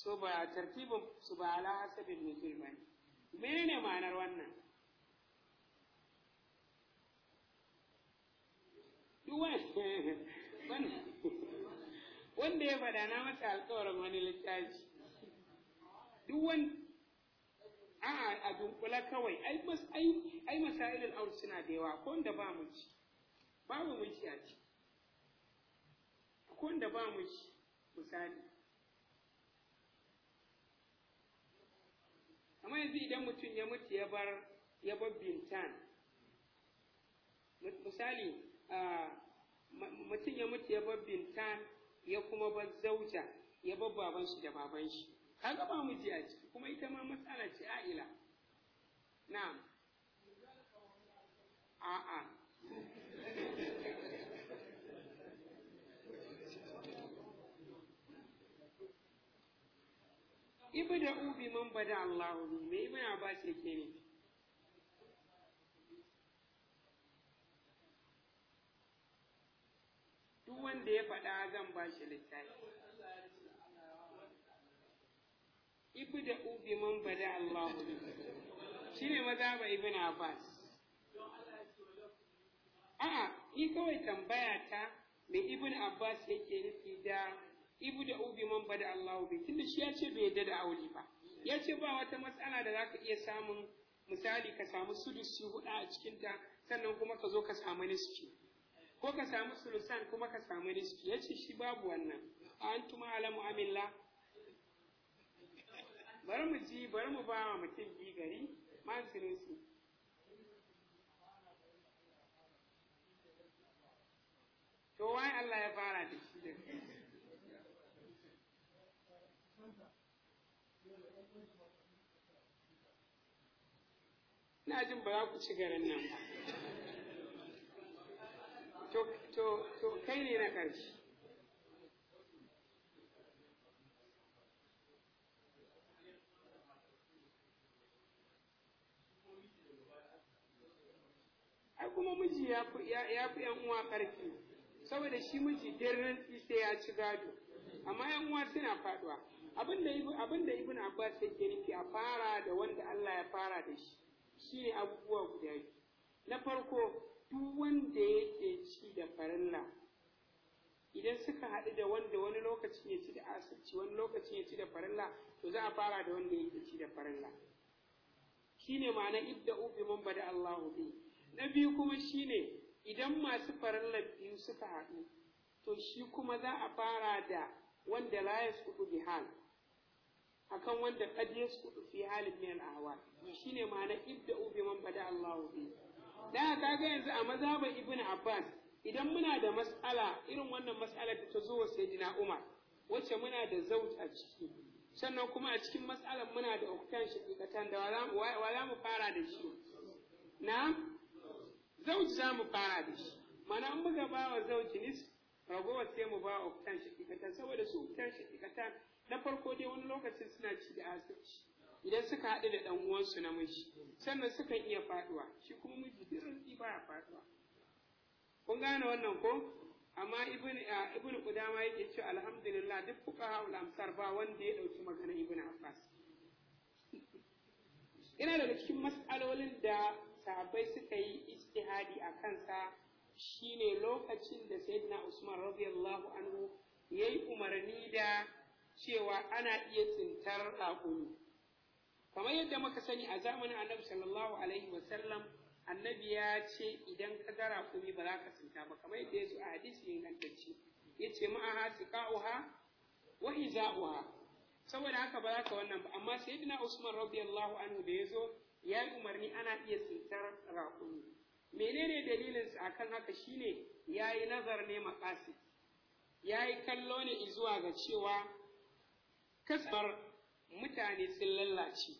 so ba tartibin su ba ala hasabin nuzul bane menene ma'anar wannan (laughs) wanda ya fada na masa alkawarin wani littafi duk wani a'a a dunkula kawai ai mas ai ai masailul aur suna da yawa ko wanda ba mu ci babu mu ci a ci ko wanda ba mu ci misali amma yanzu idan mutum ya mutu ya bar ya bar bintan misali mutum ya mutu ya bar bintan ya kuma bar zauja ya bar baban shi da baban shi kaga ba miji a ciki kuma ita ma matsala ce Ila. na'am a'a da ubi man bada Allahu bi me mai ba shi ke ne duk wanda ya faɗa zan ba shi littafi ibda ubi man bada Allah shine maza ba ibn Abbas a'a ni kawai tambaya ta me ibn Abbas yake nufi da ibu da ubi man bada Allah bi tunda shi ya ce bai yadda da auli ba ya ce ba wata matsala da za zaka iya samun misali ka samu sudusi hudu a cikinta sannan kuma ka zo ka samu niski ko ka samu sulusan kuma ka samu niski ya ce shi babu wannan a antuma alamu amillah bari mu ji bari mu ba wa mutum yi gari masirin to wai Allah ya fara da shi da na jin ba za ku ci garin nan ba to kai ne na ƙarshe ai kuma miji ya fi yan uwa karfi saboda shi miji dirrin sai ya ci gado amma yan uwa suna faduwa abin da ibn abbas yake nufi a fara da wanda allah ya fara da shi shine abubuwa guda biyu na farko duk wanda yake ci da farilla idan suka haɗu da wanda wani lokacin ya ci da asirci wani lokacin ya ci da farilla to za a fara da wanda yake ci da farilla shine ma'ana ibda'u bi man bada Allahu bi na biyu kuma shine idan masu farallar biyu suka haɗu to shi kuma za a fara da wanda su yasqutu bi hal akan wanda qad yasqutu fi halin min al-ahwal shine ma'ana ibda ubi man bada Allah bi da kaga yanzu a mazhaban ibn Abbas idan muna da mas'ala irin wannan mas'alar ta zo wa sayyidina Umar wacce muna da zauta a ciki sannan kuma a cikin matsalar muna da uktan shi da wala mu fara da shi na'am zauji za mu fara da shi mana an buga ba wa zauji nis ragowar sai mu ba wa shi shakikatan saboda su shi shakikatan na farko dai wani lokacin suna ci da asirci idan suka haɗu da ɗan uwansu na miji sannan sukan iya faɗuwa shi kuma miji duk ba ya faɗuwa kun gane wannan ko amma ibn ibn qudama yake cewa alhamdulillah duk fuqaha ul amsar ba wanda ya dauki magana ibn abbas (laughs) ina daga cikin mas'alolin da sahabbai suka yi ijtihadi a kansa shine lokacin da sayyidina Usman radiyallahu anhu yayi umarni da cewa ana iya tsintar raƙumi kamar yadda muka sani a zamanin annabi sallallahu alaihi wasallam annabi ya ce idan ka ga raƙumi ba za ka tsinta ba kamar yadda ya zo a hadisi ingantacce ya ce ma'aha siqa'uha wa hiza'uha saboda haka ba za ka wannan ba amma sayyidina Usman radiyallahu anhu da ya zo ya yi umarni ana iya sintar raƙumi menene dalilinsa akan haka shine ya yi nazar ne makasi ya yi kallo ne zuwa ga cewa kasar mutane sun lallace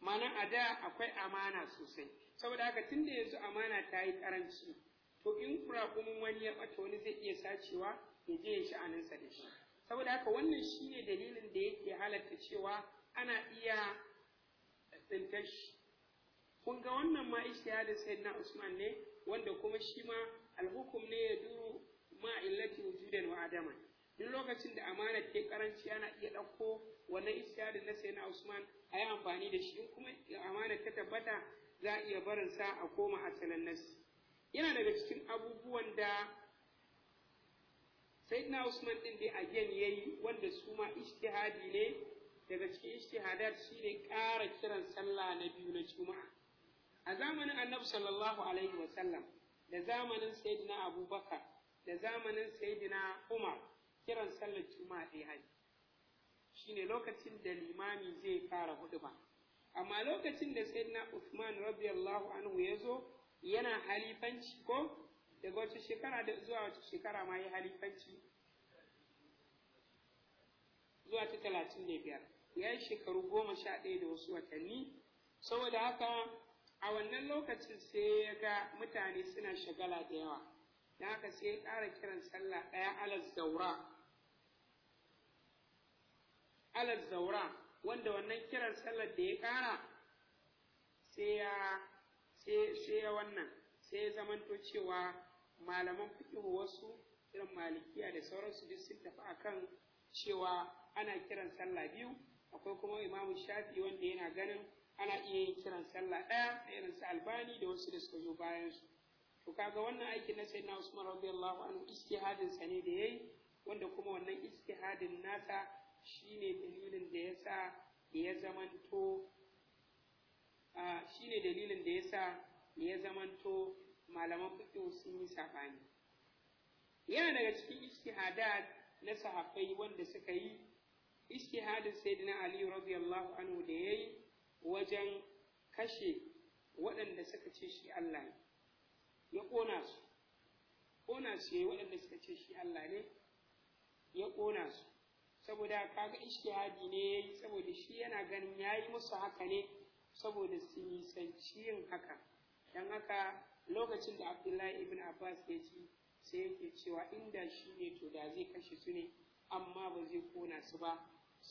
mana a da akwai amana sosai saboda haka tun da yanzu amana ta yi karanci to in kurakumin wani ya ɓata wani zai iya sacewa ya je ya sha'aninsa da shi saboda haka wannan shine dalilin da yake halarta cewa ana iya tsintar kun ga wannan ma ishtihadin sayyidina usman ne wanda kuma shi ma alhukum ne ya duru ma illati wujudan wa adama duk lokacin da amana ta karanci yana iya ɗauko wannan ishtihadin na sayyidina usman a yi amfani da shi in kuma amana ta tabbata za a iya barinsa a koma asalin nasi yana daga cikin abubuwan da sayyidina usman din da a yayi wanda su ma ishtihadi ne daga cikin shi ne ƙara kiran sallah na biyu na juma'a a zamanin annabi sallallahu alaihi wa sallam da zamanin sayyidina abubakar da zamanin sayyidina umar kiran sallar juma'a ɗaya Shi ne lokacin da limami zai fara huduba amma lokacin da sayyidina usman radiyallahu anhu ya zo yana halifanci ko daga wata shekara da zuwa wata shekara ma ya halifanci zuwa ta talatin da biyar ya yi shekaru goma sha ɗaya da wasu watanni saboda haka a wannan lokacin sai ya ga mutane suna shagala da yawa da haka sai ya ƙara kiran sallah ɗaya alas zaura alas zaura wanda wannan kiran sallar da ya ƙara sai ya ya wannan sai ya zamanto cewa malaman fiƙihu wasu irin malikiya da sauransu duk sun tafi akan cewa ana kiran sallah biyu akwai kuma imamu shafi wanda yana ganin ana iya yin kiran sallah ɗaya a irin su albani da wasu da suka zo bayan su to kaga wannan aikin na sayyidina usman radiyallahu anhu istihadin sa ne da yayi wanda kuma wannan istihadin nasa shine dalilin da yasa ya zamanto a shine dalilin da yasa ya zamanto malaman fiqh sun yi sabani yana daga cikin istihadat na sahabbai wanda suka yi ishtihadin sayyidina ali radiyallahu anhu da yayi wajen kashe waɗanda suka ce shi Allah ne ya ƙona su kona su yayi waɗanda suka ce shi Allah ne ya ƙona su saboda kaga ishtihadi ne yayi saboda shi yana ganin yayi musu haka ne saboda su nisanci yin haka don haka lokacin da abdullahi ibn abbas ya ji sai yake cewa inda shi ne to da zai kashe su ne amma ba zai kona su ba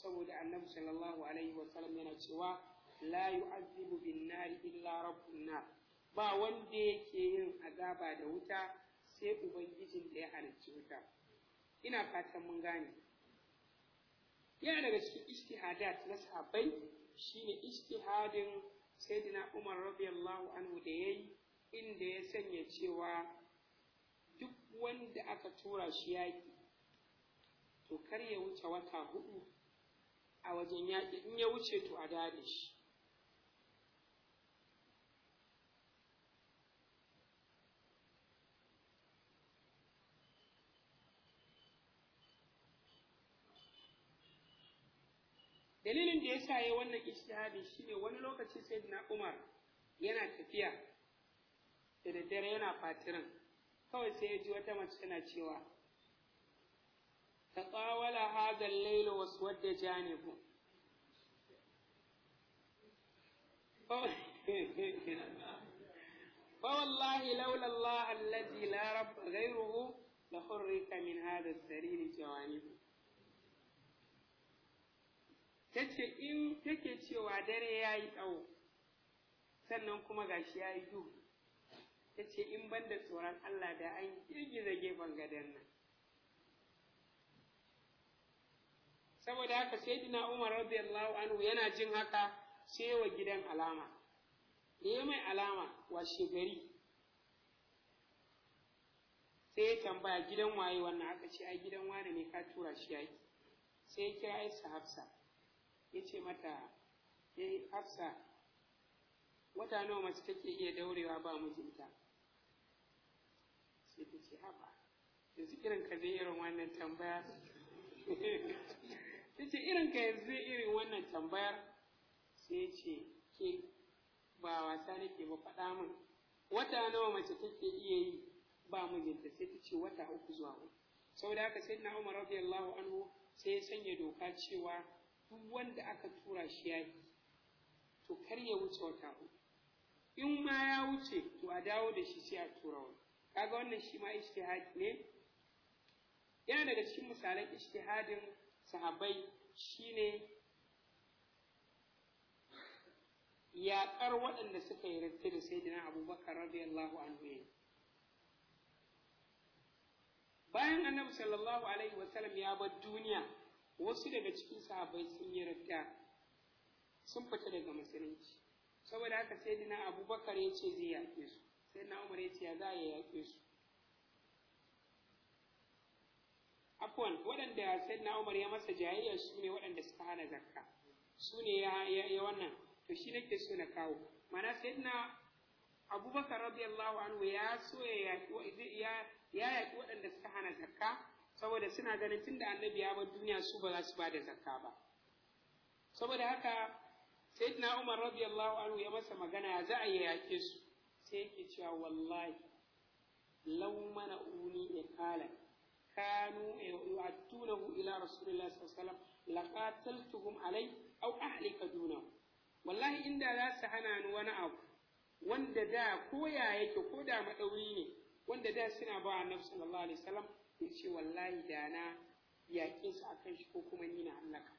saboda annabi sallallahu alaihi sallam yana cewa la yu'azzibu bin nari illa rabbun nar ba wanda yake yin azaba da wuta sai ubangijin da ya halicci wuta ina fatan mun gane yana daga cikin istihadat na sahabbai shine istihadin sayyidina Umar radiyallahu anhu da yayi inda ya sanya cewa duk wanda aka tura shi yaki to kar ya wuce wata hudu a wajen yaƙi in ya wuce to a dare shi dalilin da ya sa ya wannan ishtihadi ne wani lokaci sai na umar yana tafiya da daddare yana fatirin kawai sai ya ji wata mace tana cewa تطاول هذا الليل واسود جانبه (laughs) فوالله لولا الله الذي لا رب غيره لحرك من هذا السرير جوانبه tace in take cewa dare ya yi tsawo sannan kuma gashi ya yi duhu tace in banda tsoron Allah da an girgiza gefen gadon nan saboda haka sayyidina Umar radiyallahu anhu yana jin haka sai wa gidan alama ya mai alama wa gari sai ya tambaya gidan waye wannan aka ce ai gidan wane ne ka tura shi yaki sai ya kira ai Hafsa ya ce mata eh Hafsa wata nawa mace take iya daurewa ba mijinta sai ta ce haba yanzu irin ka zai irin wannan tambaya (laughs) ce irin ka yanzu zai irin wannan tambayar sai ce ke ba wasa nake ba faɗa min wata nawa mace take iya yi ba mijinta sai ta ce wata uku zuwa uku saboda haka sai na Umar radiyallahu anhu sai ya sanya doka cewa duk wanda aka tura shi ya yi, to kar ya wuce wata uku in ma ya wuce to a dawo da shi sai a tura wani kaga wannan shi ma ishtihadi ne yana daga cikin misalan ishtihadin sahabbai shine yaƙar waɗanda suka yi rantsi da sai dina abubakar radiyallahu anhu ne bayan annabi sallallahu alaihi wasallam ya bar duniya wasu daga cikin sahabbai sun yi radda sun fita daga musulunci saboda haka sai dina abubakar ya ce zai yaƙe su sai na umar ya ce ya za a yaƙe su afwan waɗanda na Umar ya masa jayayya su ne waɗanda suka hana zakka su ne ya wannan to shi nake so na kawo mana sayyidina Abubakar radiyallahu anhu ya so ya ya waɗanda suka hana zakka saboda suna ganin tunda annabi ya bar duniya su ba za su ba da zakka ba saboda haka sayyidina Umar radiyallahu anhu ya masa magana za a yake su sai yake cewa wallahi lau mana uni kala. كانوا يؤتونه إلى رسول الله صلى الله عليه وسلم لقاتلتهم عليه أو أهلك دونه والله إن لا سهنا وأنا أو wanda da koya yake ko da maɗauri ne wanda da suna ba annabi sallallahu alaihi wasallam ya ce wallahi da na yaƙin su akan shi ko kuma ni na hallaka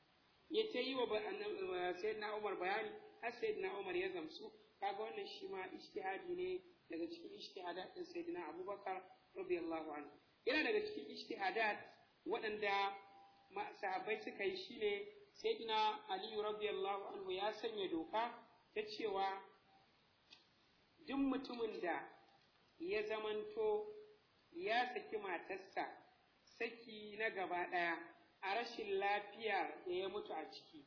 ya ce yi wa sayyidina Umar bayani har sayyidina Umar ya gamsu kaga wannan shi ma ijtihadi ne daga cikin ijtihadat din sayyidina Abubakar radiyallahu anhu yana daga cikin ijtihadat waɗanda sahabbai suka yi shine sayyidina ali radiyallahu anhu ya sanya doka ta cewa duk mutumin da ya zamanto ya saki matarsa saki na gaba ɗaya a rashin lafiya da ya mutu a ciki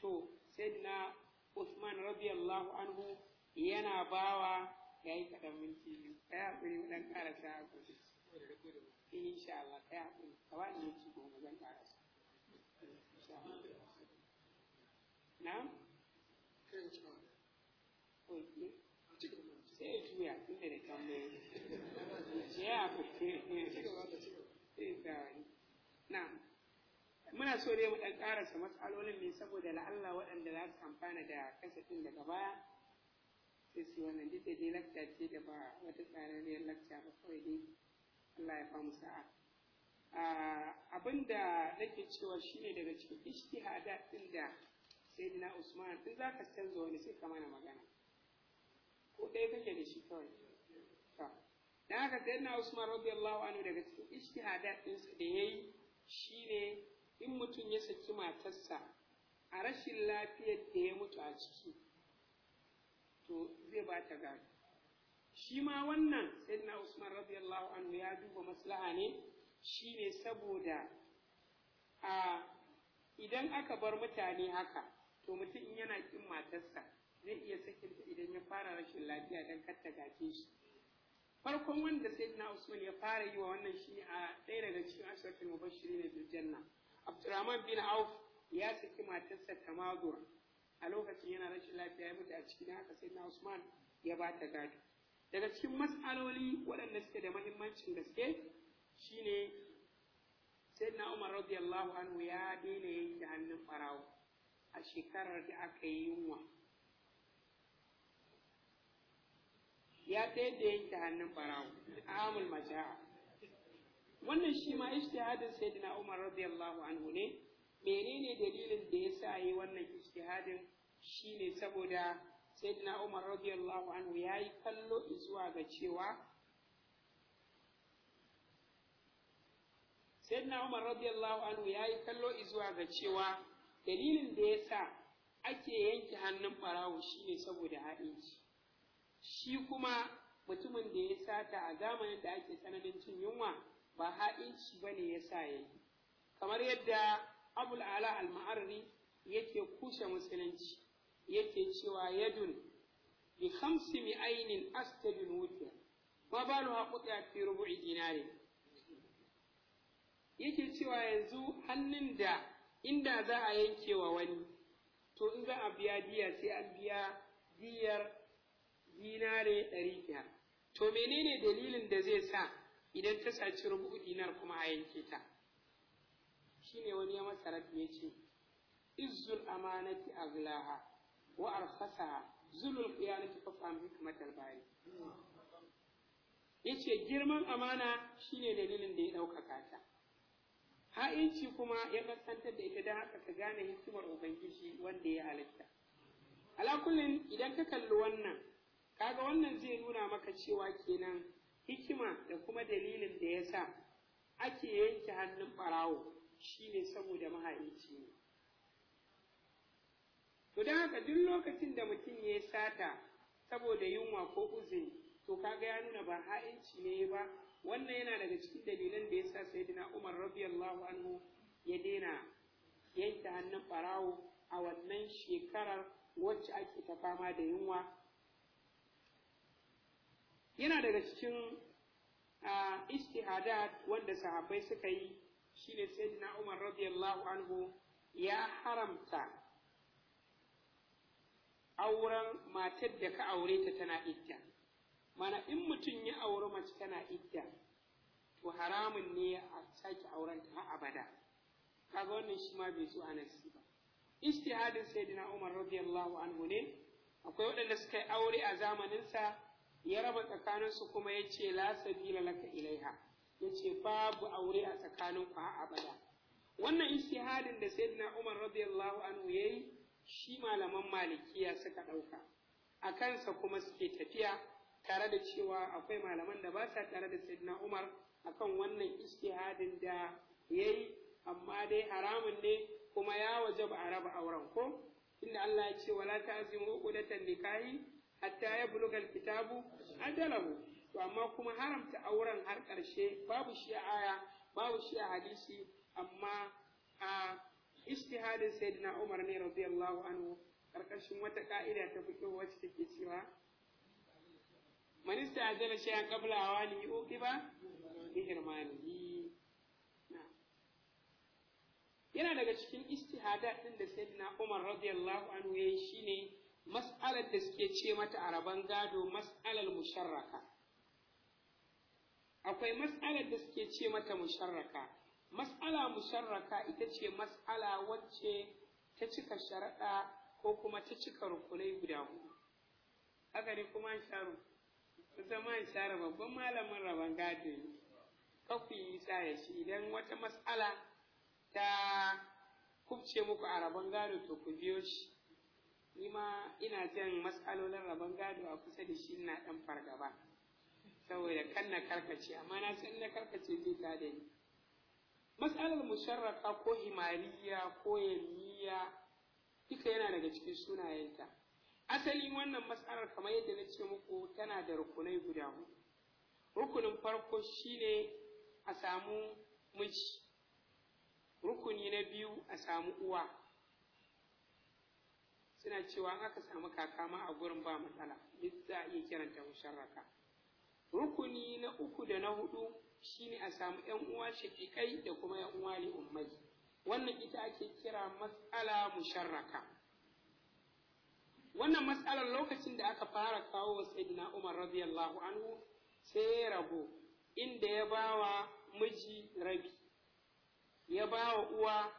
to sayyidina Usman radiyallahu anhu yana bawa yi kaɗan minti biyu saboda rage da in Allah kai haɗin ne ci goma zan ƙara na? sai ya da ya na muna so dai mu ɗan ƙarasa matsalolin ne saboda la'alla waɗanda za su amfana da kasafin daga baya sai su wannan da dai lakta ce da ba wata tsararriyar lakta ba kawai dai Allah ya famu sa'a ah, Abinda nake cewa shine daga cikin ijtihada din da sayyidina Usman din zaka canza wani sai ka mana magana ko dai kake da shi kawai to dan haka sayyidina Usman radiyallahu anhu daga cikin ijtihada din da yayi shine in mutum ya saki matarsa a rashin lafiyar da ya mutu a ciki to zai ba ta gari. shi ma wannan sayyidina usman radiyallahu anhu ya duba maslaha ne shine saboda a idan aka bar mutane haka to mutum in yana kin matarsa zai iya ta idan ya fara rashin lafiya dan kar ta gaje shi farkon wanda sayyidina usman ya fara yi wa wannan shi a ɗaya daga cikin asiratul mubashirin ne bil janna abdurrahman bin auf ya saki matarsa tamadur a lokacin yana rashin lafiya ya mutu a cikin haka sayyidina usman ya ba ta gado daga cikin matsaloli waɗanda suke da mahimmancin gaske shine na umar radiyallahu anhu ya daina yanke hannun farawo a shekarar da aka yi yunwa ya daina yanke hannun farawo a amul maja'a wannan shi ma ijtihadin na umar radiyallahu anhu ne menene dalilin da ya sa yi wannan ijtihadin shine saboda sayyidina Umar radiyallahu anhu yi kallo zuwa ga cewa Umar radiyallahu anhu yayi kallo zuwa ga cewa dalilin da ya sa ake yanke hannun farawo shine saboda haɗinci shi kuma mutumin da ya sata a zamanin da ake tsananin cin yunwa ba haɗinci ba ne ya sa ya kamar yadda abul ala al-ma'arri yake kushe musulunci yake cewa yadun bi khamsi mi ainin astadin wuta ma ba lu haƙuta fi rubu'i dinari yake cewa yanzu hannun da inda za a yanke wa wani to in za a biya diya sai an biya diyar dinare ɗari biyar to menene dalilin da zai sa idan ta saci rubu'u dinar kuma a yanke ta shine wani ya masa rafi ya ce izzul amanati aglaha وأرخصها fasa القيامة فافهم حكمة الباري yace girman amana shine dalilin da ya ɗaukaka ta ha'inci kuma ya ƙasantar da ita don haka ka gane hikimar ubangiji wanda ya halitta alakulin idan ka kalli wannan kaga wannan zai nuna maka cewa kenan hikima da kuma dalilin da ya sa ake yanke hannun ɓarawo shine saboda mahaici ne to don haka duk lokacin da mutum ya sata saboda yunwa ko uzuri to kaga ya nuna ba ha'inci ne ba wannan yana daga cikin dalilan da ya sa sayyidina Umar radiyallahu anhu ya daina yanke hannun barawo a wannan shekarar wacce ake ta fama da yunwa yana daga cikin istihadat wanda sahabbai suka yi shine sayyidina Umar radiyallahu anhu ya haramta auren matar da ka aure ta tana idda mana in mutum ya auri mace tana idda to haramun ne a sake auren ta har abada kaga wannan shi ma bai zo a nasi ba istihadin sayyidina Umar radiyallahu anhu ne akwai waɗanda suka yi aure a zamaninsa ya raba tsakaninsu kuma ya ce la sabila laka ilaiha ya ce babu aure a tsakanin ku har abada wannan istihadin da sayyidina Umar radiyallahu anhu yayi shi malaman malikiya suka ɗauka a kansa kuma suke tafiya tare da cewa akwai malaman da ba sa tare da sayyidina umar akan wannan istihadin da ya yi amma dai haramun ne kuma ya waje ba a raba auren ko inda Allah ya ce wala ta'zimu uqdatan nikahi hatta kitabu alkitabu ajalahu to amma kuma haramta auren har ƙarshe babu shi a aya babu shi a hadisi amma a ijtihadin sayyidina Umar ne radiyallahu anhu karkashin wata ka'ida ta fito wacce take cewa man istajala shay'an qabla awani uqiba bi hirmanihi yana daga cikin istihadat din da sayyidina Umar radiyallahu anhu yayi shine mas'alar da suke ce mata araban gado mas'alar musharraka akwai mas'alar da suke ce mata musharraka mas'ala musharraka ita ce mas'ala wacce ta cika sharaɗa ko kuma ta cika rukunai guda huɗu. haka ne kuma an sharu zama an share babban malamin rabon gado ne yi isa ya shi idan wata mas'ala ta kubce muku a rabon gado to ku biyo shi ni ma ina jan matsalolin rabon gado a kusa da shi ina ɗan fargaba saboda kan na karkace amma na san na karkace zai ta da ni matsalar musharraka ko himariya ko yamiya duka yana daga cikin sunayenta asali wannan matsalar kamar yadda na ce muku tana da rukunai guda huɗu rukunin farko shine a samu miji rukuni na biyu a samu uwa suna cewa aka samu kaka ma a gurin ba matsala duk za a iya kiranta musharraka rukuni na uku da na hudu shine a samu yan uwa shafiƙai da kuma yan uwa li ummai wannan ita ake kira matsala musharraka wannan matsalar lokacin da aka fara kawo wa sayyidina Umar radiyallahu anhu sai ya rabu inda ya bawa miji rabi ya bawa uwa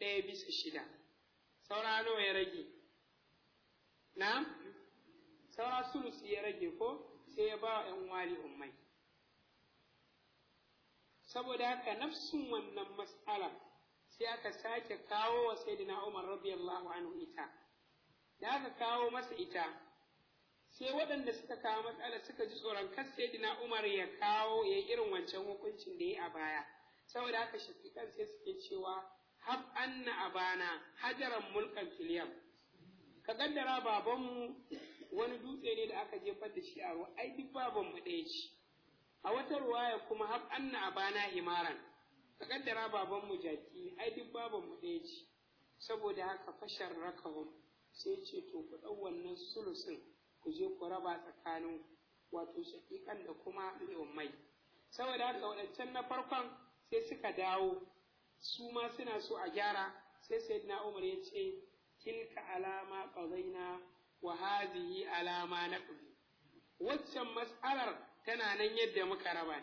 ɗaya bisa shida saura nawa ya rage na saura sulusi ya rage ko sai ya ba wa ‘yan wali ummai. Saboda haka nafsun wannan matsalar sai aka sake kawo wa saidina Umar radiyallahu anhu ita, da aka kawo masa ita, sai waɗanda suka kawo matsalar suka ji tsoron kar dina Umar ya kawo ya yi irin wancan hukuncin da ya a baya. Saboda haka shafiƙan sai suke cewa hab anna abana hajaran mulkan filiyan, Ka gaddara babanmu wani dutse ne da aka jefar da shi a ruwa ai duk baban mu ɗaya ce a wata ruwaya kuma har anna abana imaran. ka kaddara baban mu jaki ai duk baban mu ɗaya ce saboda haka fashar rakahum sai ce to ku ɗau wannan sulusin ku je ku raba tsakanin wato shaƙiƙan da kuma mai saboda haka waɗancan na farkon sai suka dawo su ma suna so a gyara sai sayyidina umar ya ce tilka alama ƙazaina wa hazihi alama na waccan mas'alar tana nan yadda muka raba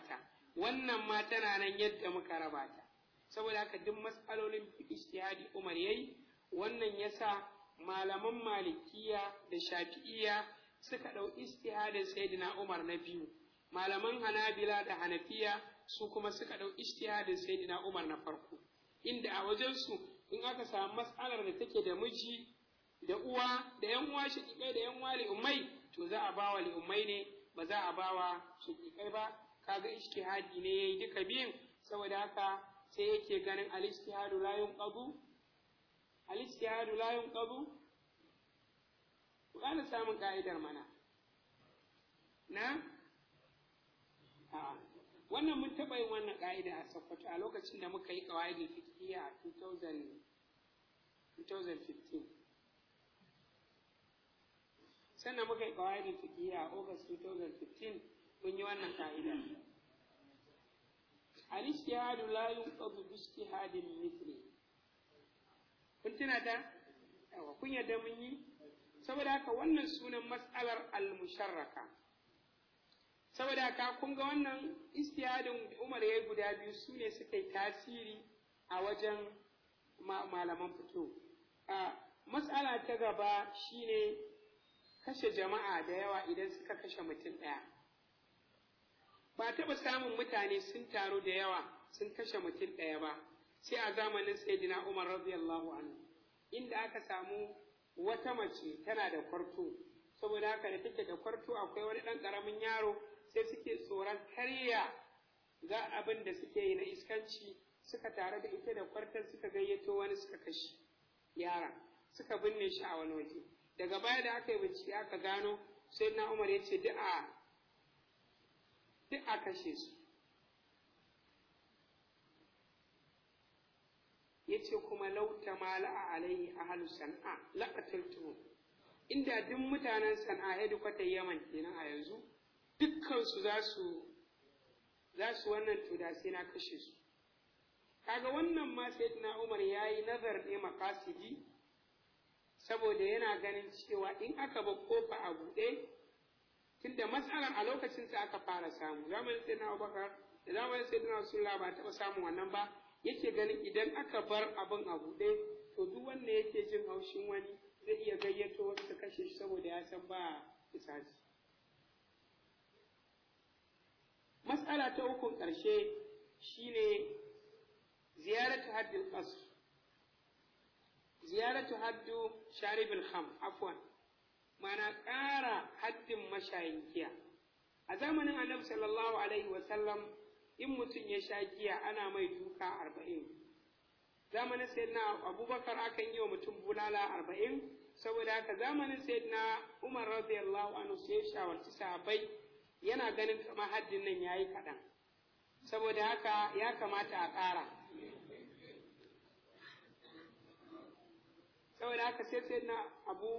wannan ma tana nan yadda muka raba ta saboda haka duk mas'alolin istihadi Umar yayi wannan yasa malaman malikiya da shafi'iya suka ɗau istihadin sayyidina Umar na biyu malaman hanabila da hanafiya su kuma suka ɗau istihadin sayyidina Umar na farko inda a wajensu in aka samu mas'alar da take da miji da uwa da yan uwa shaƙiƙai da yan uwa li'ummai to za a bawa li'ummai ne ba za a bawa kai ba kaga ishtihadi ne yayi duka biyun saboda haka sai yake ganin al ishtihadu la yunqadu al ishtihadu la yunqadu ku kana samun ka'idar mana na a wannan mun taɓa yin wannan ka'ida a Sokoto a lokacin da muka yi kawai fiqhiyya a 2015 sannan muka yi kawai fiqhiyya a August 2015 kun yi wannan ka'ida al-ijtihadu la yunqadu bi hadin mithli kun tuna ta yawa kun yadda mun yi saboda haka wannan sunan matsalar al-musharraka saboda haka kun ga wannan istiyadin Umar ya guda biyu su ne suka yi tasiri a wajen malaman fito. Matsala ta gaba shine kashe jama'a da yawa idan suka kashe mutum ɗaya ba taɓa samun mutane sun taru da yawa sun kashe mutum ɗaya ba sai a zamanin sayyidina umar radiyallahu anhu inda aka samu wata mace tana da kwarto saboda haka da take da kwarto akwai wani ɗan ƙaramin yaro sai suke tsoron karya ga abin da suke yi na iskanci suka tare da ita da kwartar suka gayyato wani suka kashe yara suka binne shi a wani waje daga baya da aka yi bincike aka gano sai na umar ya ce duk a kashe su ya ce kuma lauta mala'a alaihi ahalu san'a laƙatattu inda duk mutanen san'a ya dukwata yaman kenan a yanzu dukkansu za su za su wannan tuda sai na kashe su kaga wannan ma sai na umar ya yi nazar ne makasidi saboda yana ganin cewa in aka ba kofa a buɗe tunda matsalar a lokacin sa aka fara samu zamanin sai na abubakar da zamanin sai na rasulullah ba taɓa samun wannan ba yake ganin idan aka bar abin a buɗe to duk wanda yake jin haushin wani zai iya gayyato wasu su kashe shi saboda ya san ba kisasi matsala ta hukun ƙarshe shine ziyarar ta haddin ƙasu ziyaratu haddu sharibil kham afwan mana ƙara haddin mashayin giya a zamanin annabi sallallahu alaihi in mutum ya sha giya ana mai duka arba'in zamanin sayyidina abubakar akan yi wa mutum bulala arba'in saboda haka zamanin sayyidina umar radiyallahu anhu sai shawarci sahabbai yana ganin kama haddin nan yayi kaɗan saboda haka ya kamata a ƙara saboda haka sai sai na abu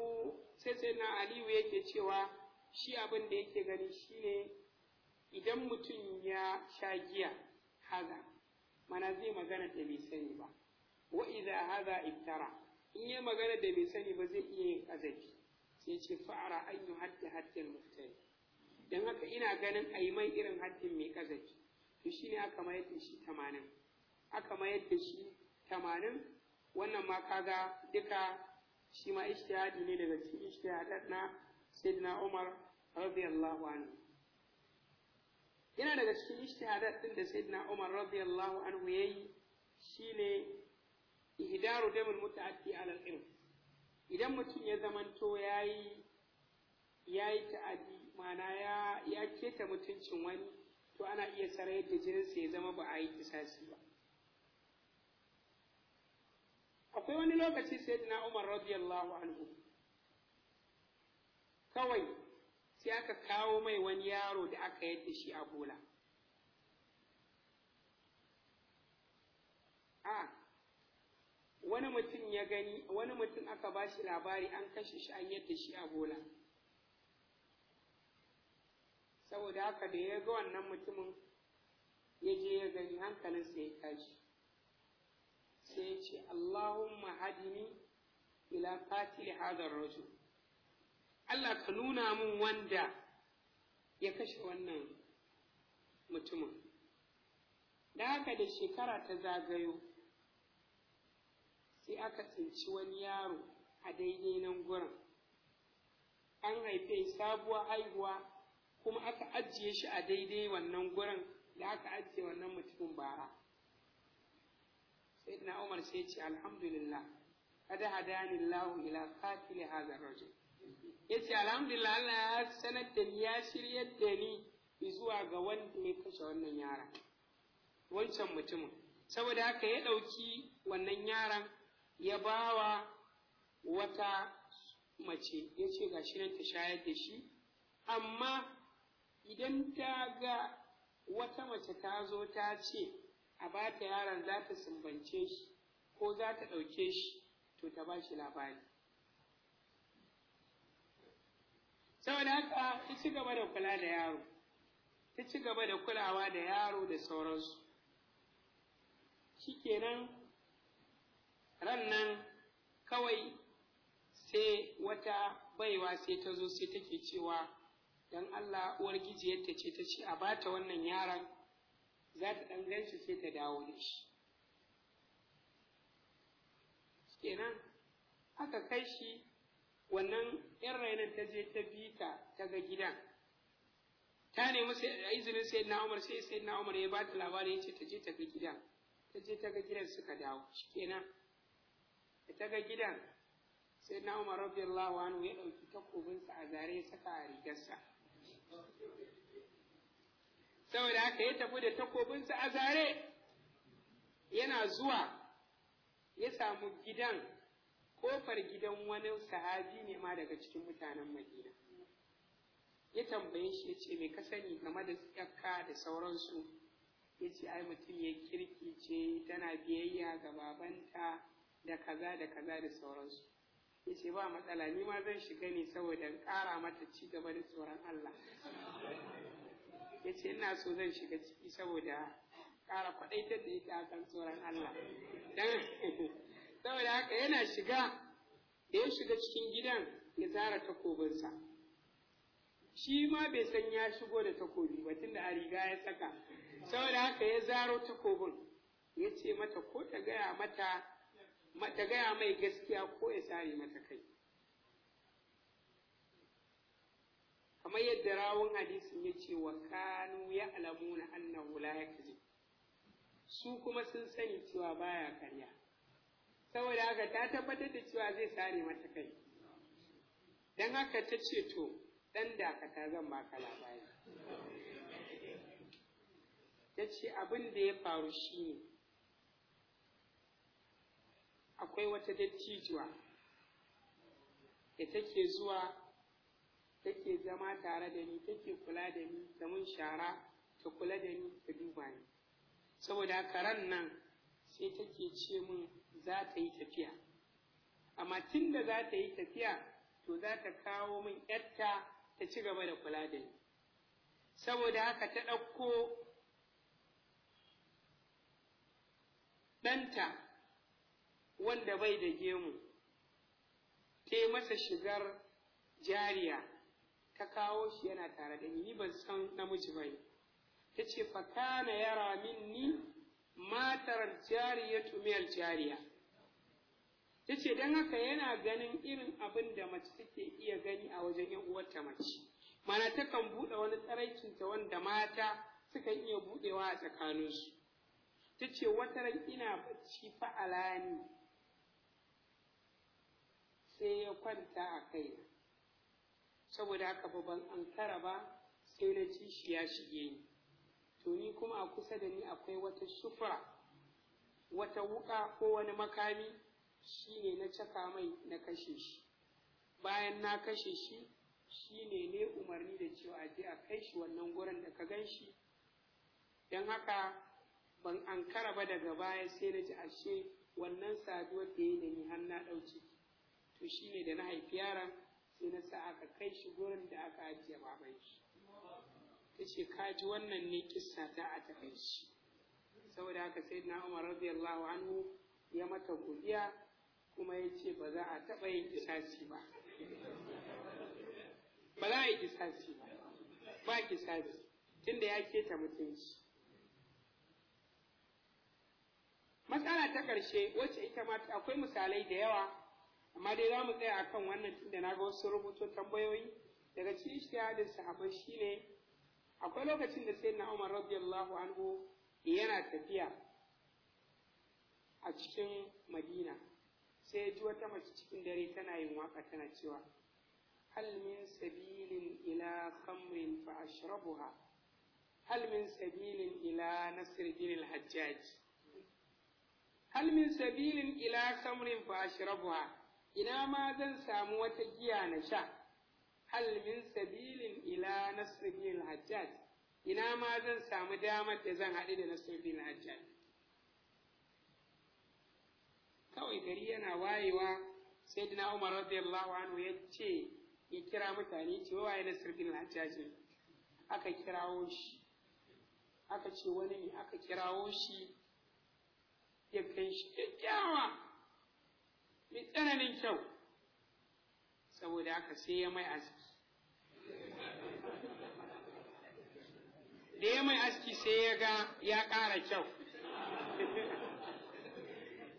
sai sai na aliyu yake cewa shi abin da yake gani shine idan mutum ya sha giya haza mana zai magana da bai sani ba wa idza haza iftara in yi magana da bai sani ba zai iya yin azabi sai ce fa'ara ayyu hatta hatta muftari dan haka ina ganin ayi mai irin hattin mai kazafi to shine aka mayar da shi 80 aka mayar da shi 80 wannan ma kaga duka shi ma ishtihadi ne daga cikin ijtihadat na sayyidina Umar radiyallahu anhu yana daga cikin ijtihadat din da sayyidina Umar radiyallahu anhu yayi shine ihdaru damul mutaaddi ala al ilm idan mutum ya zamanto yayi yayi ta'addi ma'ana ya ya keta mutuncin wani to ana iya sarai da jininsa ya zama ba a yi kisasi ba akwai wani lokaci sai sayyidina Umar radiyallahu anhu kawai sai aka kawo mai wani yaro da aka yadda shi a bola a wani mutum ya gani wani mutum aka ba shi labari an kashe shi an yadda shi a bola saboda haka da ya ga wannan mutumin ya je ya gani hankalinsa ya tashi sai ya ce Allahumma hadini ila qatil hadar rajul Allah ka nuna mun wanda ya kashe wannan mutumin da haka da shekara ta zagayo sai aka tsinci wani yaro a daidai nan gurin an haife sabuwar haihuwa kuma aka ajiye shi a daidai wannan gurin da aka ajiye wannan mutumin bara sayyidina umar sai ce alhamdulillah kada hadani allah ila qatil hadha rajul yace alhamdulillah Allah ya sanar da ni ya shiryar da ni zuwa ga wanda ya kashe wannan yaran wancan mutumin saboda haka ya ɗauki wannan yaran ya bawa wata mace ya ce ga shi nan ta shayar da shi amma idan ta ga wata mace ta zo ta ce a ba ta yaron za ta sumbance shi ko za ta ɗauke shi to ta ba shi labari saboda haka ta ci gaba da kula da yaro ta ci gaba da kulawa da yaro da sauransu shikenan ran nan kawai sai wata baiwa sai ta zo sai take cewa don allah uwar ta ce ta ce a bata wannan yaron za ta ɗan shi sai ta dawo da shi kenan aka kai shi wannan yan rainan ta je ta bi ta ta ga gidan ta nemi izinin sai na umar sai sai na umar ya ba ta labarin ya ce ta je ta ga gidan ta je ta ga gidan suka dawo kenan da ta ga gidan sai na umar rabbi allahu ya ɗauki takobinsa a zare ya saka a rigarsa saboda haka ya tafi da takobinsa a zare yana zuwa ya samu gidan kofar gidan wani sahabi ne ma daga cikin mutanen madina ya tambaye shi ya ce mai kasani game da tsakka da sauransu ya ce ai mutum ya kirki ce tana biyayya ga babanta da kaza da kaza da sauransu ya ce ba matsala ni ma zan shiga ne saboda ƙara mata ci gaba da tsoron Allah ya ce ina so zan shiga ciki saboda ƙara kwaɗaitar da ita akan tsoron Allah (laughs) saboda haka yana shiga da ya shiga cikin gidan ya zara takobinsa shi ma bai san ya shigo da takobi ba tunda a riga ya saka saboda haka ya zaro takobin ya ce mata ko ta gaya mata ta gaya mai gaskiya ko ya sare mata kai kamar yadda rawun hadisin ya ce wa kanu ya alamu na annan annahu ya yakzi su kuma sun sani cewa baya karya saboda haka ta tabbatar da cewa zai sare mata kai dan haka ta ce to dan dakata zan baka labari ta ce abin da ya faru shi ne. akwai wata dattijuwa da take zuwa take zama tare da ni take kula da ni ta mun shara ta kula da ni ta duba ni saboda karan nan sai take ce min za ta yi tafiya amma tun da za ta yi tafiya to za ta kawo min yarta ta ci gaba da kula da ni saboda haka ta ɗauko ɗanta wanda bai da gemu ta yi masa shigar jariya ta kawo shi yana tare da ni ban san namiji ba ne ta ce fakana yara minni matar jariya tumiyar jariya ta ce don haka yana ganin irin abin da mace take iya gani a wajen yan uwarta mace mana takan buɗe wani ta wanda mata suka iya buɗewa a tsakaninsu ta ce wata ran ina bacci fa'alani sai ya kwanta a kai. saboda haka ba ban ankara ba sai na ji shi ya shige ni to ni kuma a kusa da ni akwai wata sufura. wata wuka ko wani makami shine na caka mai na kashe shi bayan na kashe shi shine ne umarni da cewa a je a kai shi wannan gurin da ka gan shi don haka ban ankara ba daga baya sai na ji ashe wannan saduwar da ya da ni har na ɗauki. to shine da na haifi yaran sai na sa aka kai shi gurin da aka ajiye baban shi ta ce kaji wannan ne kissa ta a shi saboda haka sai na umar radiyallahu anhu ya mata godiya kuma ya ce ba za a taɓa yin kisasi ba ba za a yi kisasi ba ba kisasi tunda ya keta mutunci matsala ta ƙarshe wacce ita ma akwai misalai da yawa amma dai za mu tsaya a kan wannan tunda na ga wasu rubutu tambayoyi daga cikin ishtihadin shi ne akwai lokacin da na Umar radiyallahu anhu yana tafiya a cikin Madina sai ya ji wata mace cikin dare tana yin waka tana cewa hal min sabilin ila khamrin fa ashrabuha hal min sabilin ila nasr bin al-hajjaj hal min sabilin ila khamrin fa ashrabuha ina ma zan samu wata giya na sha hal min sabilin ila nasrul hajjaj ina ma zan samu damar da zan haɗu da nasrul hajjaj kawai gari yana wayewa sai dina umar radiyallahu anhu ya ce ya kira mutane ce waye nasrul hajjaj aka kirawo shi aka ce wani ne aka kirawo shi ya kai shi kyakkyawa mai tsananin kyau saboda haka sai ya mai aski da ya mai aski sai ya ga ya ƙara kyau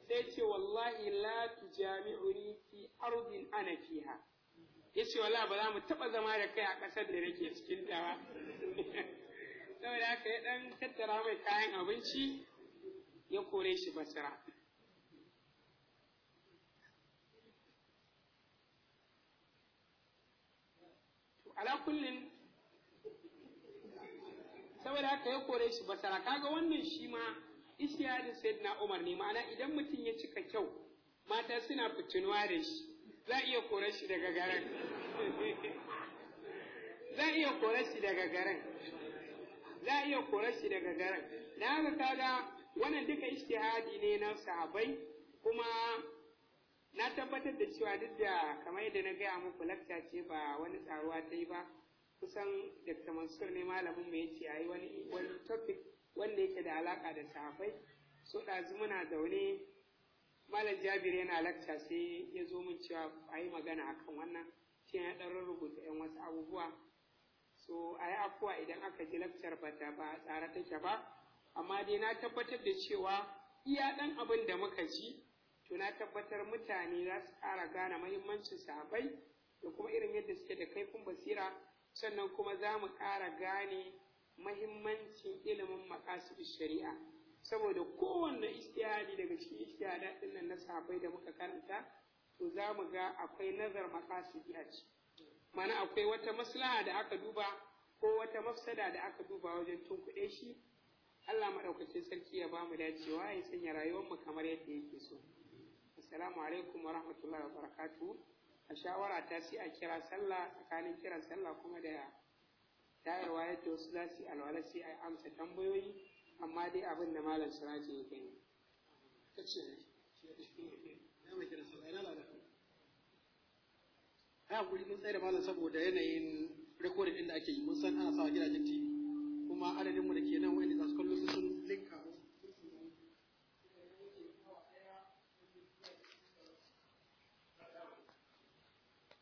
sai ce wallahi la tujami'uni fi ardin ana fiha yace wallahi ba za mu taba zama da kai a ƙasar da nake cikin ta ba saboda haka ya dan tattara mai kayan abinci ya kore shi basira ala kullin saboda haka ya kore shi basara kaga wannan shi ma ishiyadin sayyidina Umar ne ma'ana idan mutum ya cika kyau mata suna fitinuwa da shi za a iya kore shi daga garan. za a iya kore shi daga garan za iya kore shi daga garan da haka kaga wannan duka ishtihadi ne na sahabbai kuma na tabbatar da cewa duk da kamar yadda na gaya muku lakta ce ba wani tsaruwa ta yi ba kusan dr mansur ne malamin mu yace a yi wani wani topic wanda yake da alaka da safai so ɗazu muna zaune malam jabir yana lakta sai ya zo min cewa a yi magana a kan wannan shi ya ɗan rubuta 'yan wasu abubuwa so a yi afuwa idan aka ji lakcar ba ta ba tsara take ba amma dai na tabbatar da cewa iya ɗan abin da muka ji to na tabbatar mutane za su ƙara gane mahimmancin sahabai da kuma irin yadda suke da kaifin basira sannan kuma za mu ƙara gane mahimmancin ilimin maƙasid shari'a saboda kowanne istihadi daga cikin istihadat ɗin nan na sahabai da muka karanta to za mu ga akwai nazar maƙasidi a ciki mana akwai wata maslaha da aka duba ko wata mafsada da aka duba wajen tunkuɗe shi Allah maɗaukacin sarki ya ba mu dacewa ya sanya rayuwar mu kamar yadda yake so. assalamu alaikum wa rahmatullahi wa barakatu. a shawara ta sai a kira sallah tsakanin kiran sallah kuma da tayarwa yadda wasu za su yi alwala sai a amsa tambayoyi amma dai abin da malam siraji ya kai ya kuri mun tsaye da malam saboda yanayin rikodin da ake yi mun san ana sawa gidajen tv kuma adadinmu da ke nan wanda za su kallo su sun